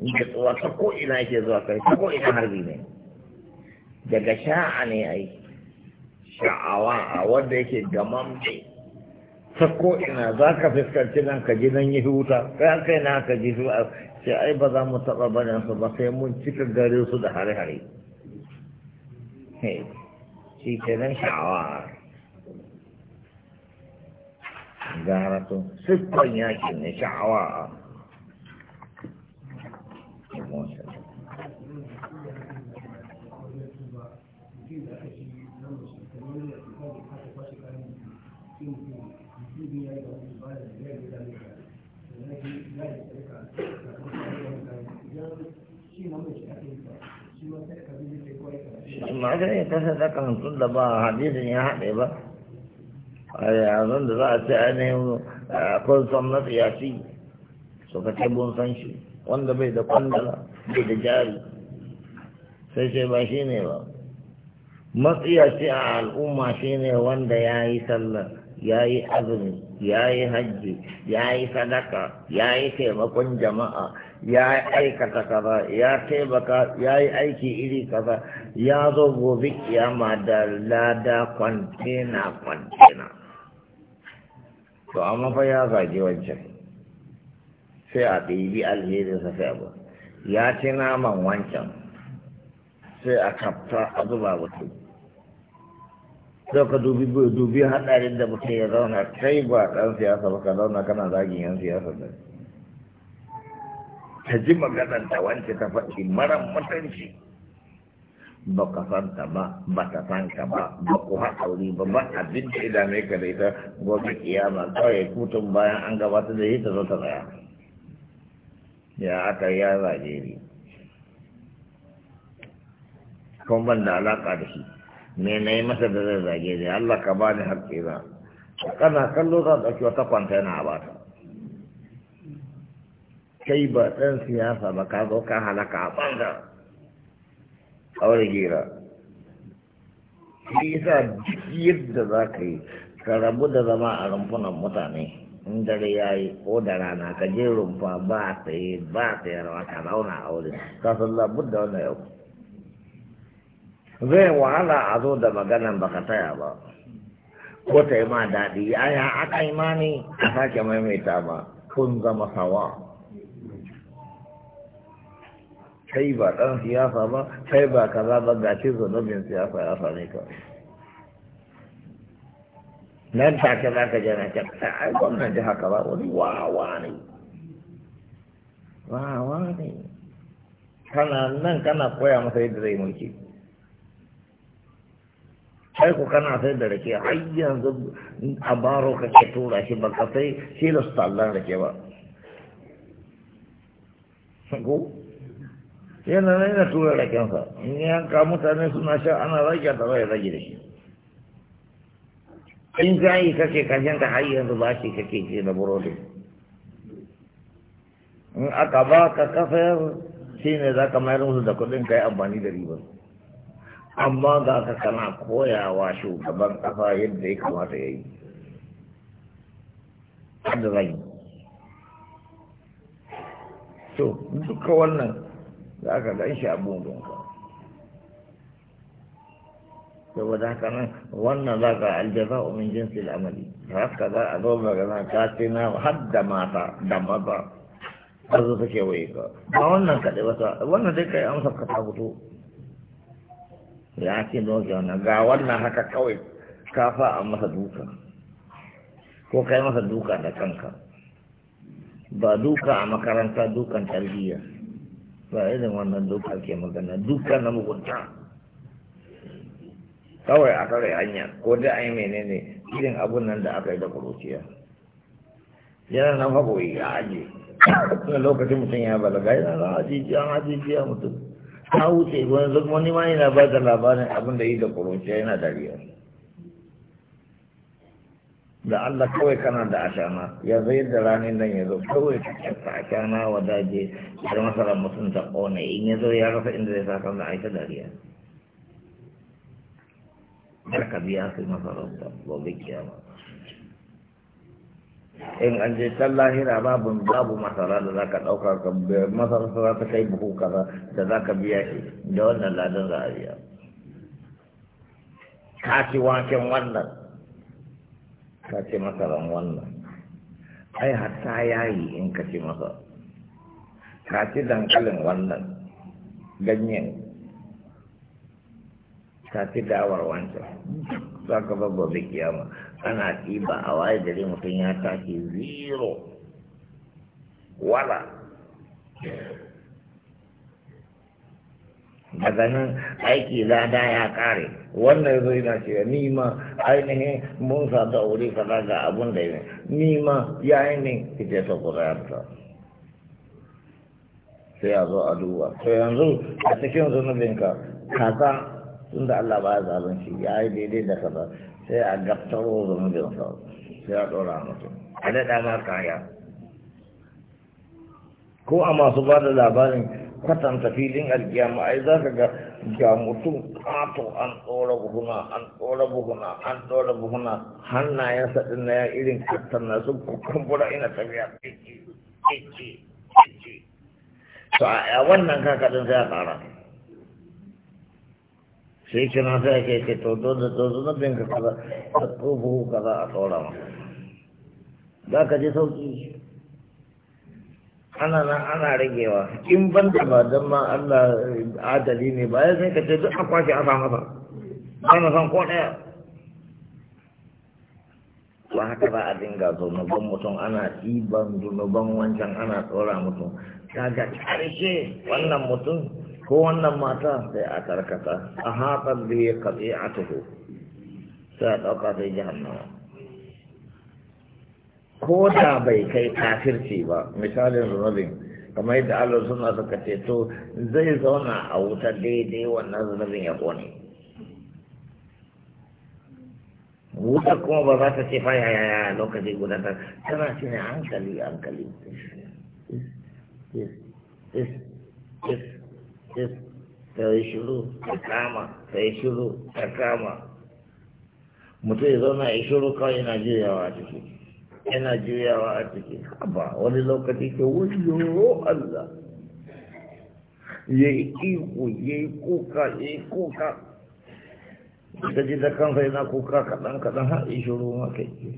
da tsuwa ta ko ina yake zuwa kai ta ko ina harbi ne daga sha'a ne ai sha'awa a wanda yake gamam ne ta ko ina za ka fuskanci nan ka ji nan yi huta kai kai na ka ji su a ce ai ba za mu taɓa barin su ba sai mun cika gare su da hare-hare shi ke nan sha'awa gara to siffan yakin ne sha'awa amma ga ya kasa daga hantun da ba hadisin ya haɗe ba a yanzu da za a ce ainihin eh, kun san na siyasi su ka ce bun san shi wanda bai da kwandala bai da jari sai sai ba shi ne ba matsiyaci a al'umma shi ne wanda ya yi sallar ya yi azumi ya yi hajji ya yi sadaka ya yi taimakon jama'a ya aikata kaza ya taimaka ya yi aiki iri kaza ya zo gobe kiyama da lada kwantena kwantena to amma fa ya zage wancan sai a ɗibi sa sai ba ya ci naman wancan sai a kafta a zuba mutum sau ka dubi dubi hadarin da mutum ya zauna kai ba ɗan siyasa ba ka zauna kana zagin yan siyasa da ta ji maganar ta wance ta faɗi mara mutunci ba ka san ta ba ba ta san ka ba ba ku wuri ba ba abin da ya dame ka da ita gobe kiyama kawai kutun bayan an gabatar da ita zo ta tsaya ya aka ya zage ni kuma ban da alaƙa da shi me na yi masa da zai zage ne Allah ka bani za a kana kallo za ɗauki wata kwanta yana ba ta kai ba ɗan siyasa ba ka zo ka halaka a ɓanga aure gira shi yasa yadda za ka yi ka rabu da zama a rumfunan mutane in dare ya yi ko da rana ka je rumfa ba tsaye ba tsayarwa ka zauna a wurin ka san labud da wannan yau zai wahala a zo da maganan baka taya ba ko ta yi ma daɗi aya aka yi ma a sake maimaita ba kun zama sawa kai ba ɗan siyasa ba kai ba kaza ba ga ci zunubin siyasa ya same ka nan take za ka jana ta ai gwamnan jiha kaza wani wawa ne wawa ne kana nan kana koya masa yadda zai mulki sai ku kana sai da rake har yanzu a baro ke tura shi ba ka sai shi da su tallan rake ba ko yana nai na tura rakensa in yanka mutane suna sha ana rage ta zai rage da shi in jayi kake kashin ta har yanzu ba shi kake ce da burodi in aka ba ka kafayar shi ne za ka mayar musu da kuɗin ka yi amfani da ribar amma za ka kana koyawa shugaban kafa yadda ya kamata ya yi adirai zai to duka wannan za ka gan shi abun dunka saboda haka nan wannan za ka aljaza umin jinsi al'amali haka za a zo magana ta ce na har da mata da maza ba zo ta waye ka ba wannan kaɗai wata wannan dai kai amsa ka ta fito ya ce doge wannan ga wannan haka kawai kafa a masa duka ko kai masa duka da kanka ba duka a makaranta dukan tarbiyya ba irin wannan duka ke magana duka na mugunta kawai a kare hanya ko da yi menene irin abun nan da aka yi da kuruciya yana nan fagoyi a ajiye lokacin mutum ya balaga yana nan ajijiya ajijiya mutum ta wuce wanzu wani ma yana ba da labarin abin da yi da kuruciya yana dariya da Allah kawai kana da ashana yanzu yadda ranar nan ya zo kawai ka kyasta ashana wa daje har masara mutum ta kone in ya zo ya rasa inda zai sasa da aisha dariya barka biya masara da gobe kiyama in an je can lahira babu babu masara da za ka ɗauka ka masara za ta kai buhu kaza da za ka biya shi da wannan ladan za a biya ka ci waken wannan ka ci masaran wannan ai hatta yayi in ka ci masa ka ci dankalin wannan ganyen ka ci dawar wancan za ka babba kiyama ana ɗiba a waye dare mutum ya tashi zero wala daga nan aiki lada ya kare wannan zai na cewa ni ma ainihin mun da wuri kaza ga abun da yi ni ma ya ainihin kije ta kurayarta sai a zo a duba to yanzu a cikin zunubinka kaza tunda Allah ba ya zalunci ya yi daidai da kaza sai a gaftaro zunubinsa sai a ɗora mutum a daɗa ma kaya ko a masu ba da labarin kwatanta filin alkiyama ai za ka ga mutum ƙato an ɗora buhuna an ɗora buhuna an ɗora buhuna hannayensa ɗin na ya irin kattan na sun kumbura ina tafiya ɗici ɗici ɗici to a wannan kakaɗin sai a tsara sai ka a ka ana ragewa in ban da adali ne ba ya sai ka ce a kwashe a samu ba san ba haka ba a dinga zunuban mutum ana ɗiban zunuban wancan ana tsora mutum kaga wannan mutum ko wannan mata sai a karkata a hatsar da ya katse a tuhu sai a ɗauka sai jihannawa ko da bai kai kafirci ba misalin zunubin kamar yadda Allah suna suka ce to zai zauna a wuta daidai wannan zunubin ya kone wuta kuma ba za ta ce fa yaya lokaci guda ta tana shi ne hankali hankali is ta yi shiru ta kama ta yi shiru ta kama mutum ya zauna ya shiru kawai yana juyawa a ciki yana juyawa a ciki haba wani lokaci ke wuyo Allah ya yi iko ya yi kuka ya yi kuka ta ji da kansa yana kuka kaɗan kaɗan har ya shiru maka ke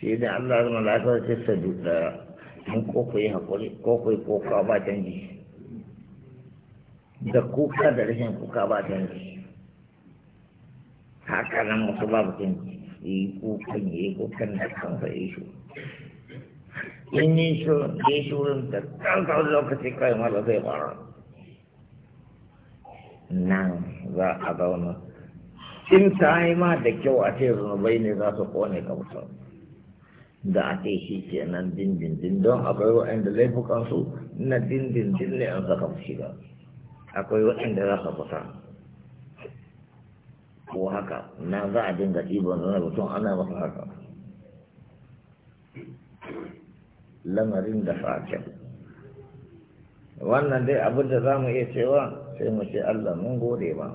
sai da Allah ya malaka ta sadu ɗaya in ko yi haƙuri koko yi koka ba canji da kuka da rashin kuka ba canji haka nan wasu babu canji yi kukan yi kukan da kansa yi shi in yi shi yi shi wurin da kansa wani lokaci kawai mara zai fara nan za a zauna in ta yi ma da kyau a ce zunubai ne za su kone ka musamman da ake shi ke nan dindindin don akwai waɗanda laifukansu na dindindin ne an saka ba. akwai waɗanda za ka fita ko haka na za a dinga ɗiban zana tun ana masa haka lamarin da fata wannan dai abin da za mu iya cewa sai mu ce Allah mun gode ba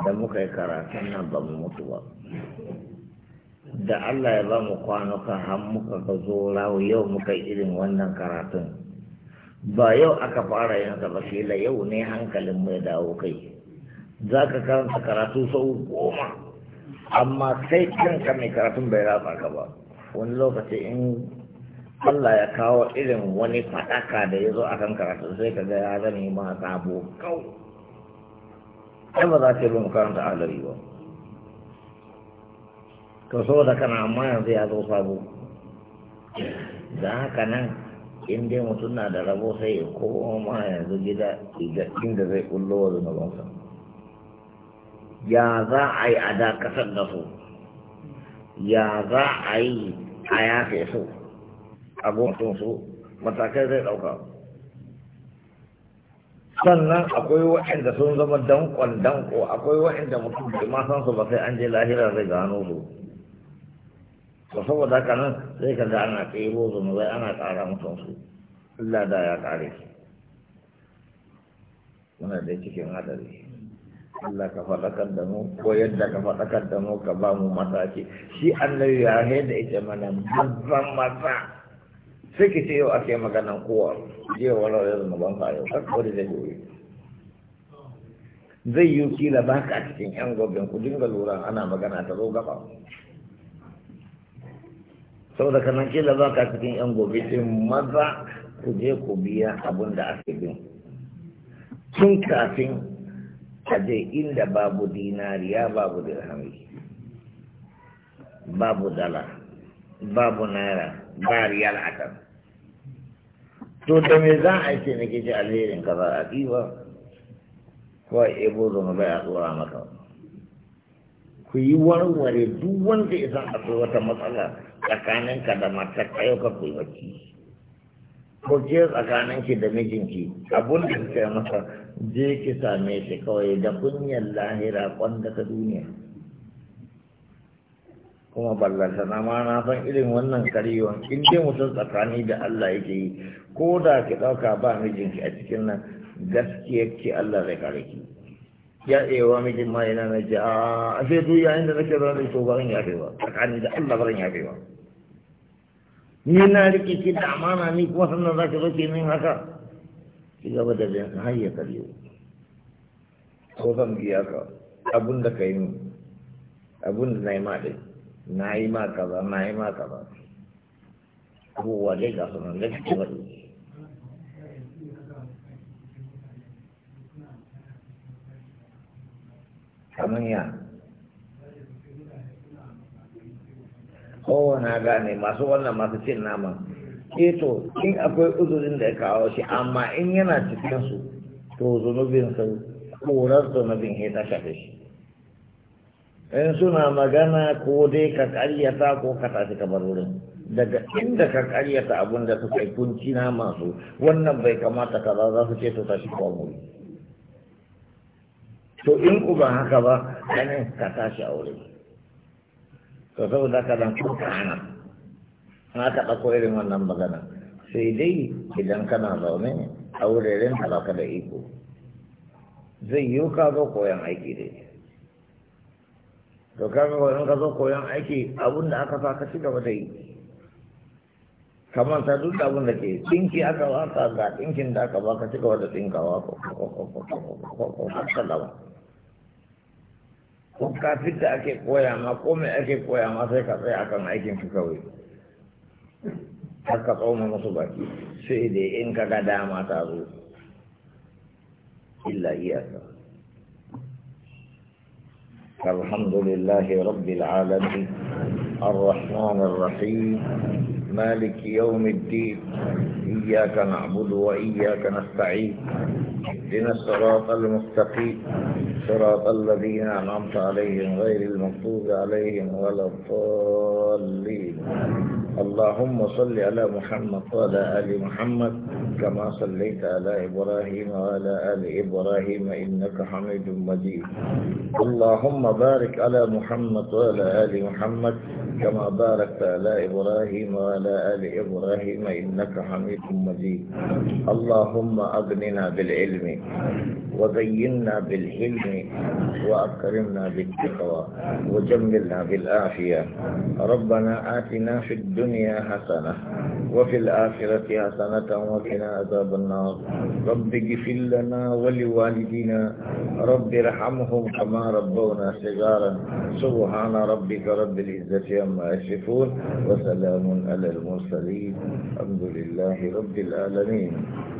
da muka yi karatun nan ba mu mutu ba da Allah ya ba mu kwanuka har muka ga zo rawo yau muka irin wannan karatun ba yau aka fara yin ba kila yau ne hankalin mu ya dawo kai za ka karanta karatu sau goma amma sai kanka mai karatun bai rafa ka ba wani lokaci in Allah ya kawo irin wani faɗaka da ya zo a kan karatu sai ka ga ya yi ma sabo kau. Ai ba za ka yi ba mu karanta alari ba. to saboda kana amma yanzu ya zo sabo da haka nan in dai mutum na da rabo sai ya koma yanzu gida inda zai kullo wa zunubansa ya za a yi a dakatar da su ya za a yi a yafe su a su matakai zai ɗauka sannan akwai waɗanda sun zama dankon danko akwai waɗanda mutum bai ma san su ba sai an je lahira zai gano su to saboda haka nan sai ka ga ana ɗebo zunubai ana ƙara mutunsu Allah da ya ƙare su muna da cikin hadari Allah ka faɗakar da mu ko yadda ka faɗakar da mu ka ba mu mataki shi annabi ya da ita mana babban mata sai ki ce yau ake maganan kowa je wa rawar ban fa yau ko da zai yi zai yi kila ba ka cikin yan gobin ku dinga lura ana magana ta zo gaba saboda kanan kila ba ka cikin yan gobe sai maza ku je ku biya abin da ake bin tun kafin a je inda babu dinariya babu dirhami babu dala babu naira ba riyal a kan to da me za a ce nake ji alherin ka ba a ɗiba ko a ebo zama bai a tsora maka ku yi warware duk wanda ya san a wata matsala tsakaninka da matar ka yau ka kuyi bacci ko ke tsakaninki da mijinki abun da kika masa je ki same shi kawai da kunyar lahira kwanda ta duniya kuma ballanta na ma na san irin wannan karewan in dai mutum tsakani da Allah yake yi ko da ki ɗauka ba mijinki a cikin nan gaskiyar ki Allah zai kare ki ya tsewa mijin ma yana na ji a ashe duk yayin da nake zaune da ba zan yafe ba tsakani da Allah ba zan yafe ba ni na rike ki da amana ni kuma sannan za ka zo ke min haka ci gaba da biyan har ya karyo ko zan biya ka abun da ka yi min abun da na yi ma ɗai na yi ma kaza na yi ma kaza abubuwa dai ga sunan da kake faɗi kamar ya oh na gane masu wannan masu cin nama eh to in akwai uzurin da ya kawo shi amma in yana cikin su to zunubin su korar zunubin ya ta shafe shi in suna magana ko dai ka karyata ko ka tafi kamar wurin daga inda ka karyata abin da suka yi kunci na masu wannan bai kamata ka za su ce to tashi kwa to in ku ba haka ba ka tashi a wurin to saboda ka na ka ɗauko irin wannan magana sai dai idan kana zaune a wuraren halaka da iko zai yi ka zo koyon aiki dai to kaga in ka zo koyon aiki abun da aka sa ka ci gaba da yi kamar ta duk abun da ke tsinki aka wasa ga tsinkin da aka baka cigaba da tsinkawa ko ko ko ko ko ko ko ko ko kafinta ake koya ma ko mai ake koya ma sai ka tsaya akan aikin ka kawai har ka tsoma musu baki sai dai in ka ga dama ta zo illa iyaka الحمد لله رب الرحمن الرحيم مالك يوم الدين إياك نعبد وإياك نستعين اهدنا الصراط المستقيم صراط الذين أنعمت عليهم غير المغضوب عليهم ولا الضالين اللهم صل على محمد وعلى آل محمد كما صليت على إبراهيم وعلى آل إبراهيم إنك حميد مجيد اللهم بارك على محمد وعلى آل محمد كما باركت على إبراهيم وعلى آل إبراهيم إنك حميد مجيد اللهم أغننا بالعلم وزيننا بالحلم وأكرمنا بالتقوى وجملنا بالعافية ربنا آتنا في الدنيا الدنيا حسنة وفي الآخرة حسنة وقنا عذاب النار رب اغفر لنا ولوالدينا رب ارحمهم كما ربونا صغارا سبحان ربك رب العزة عما يصفون وسلام على المرسلين الحمد لله رب العالمين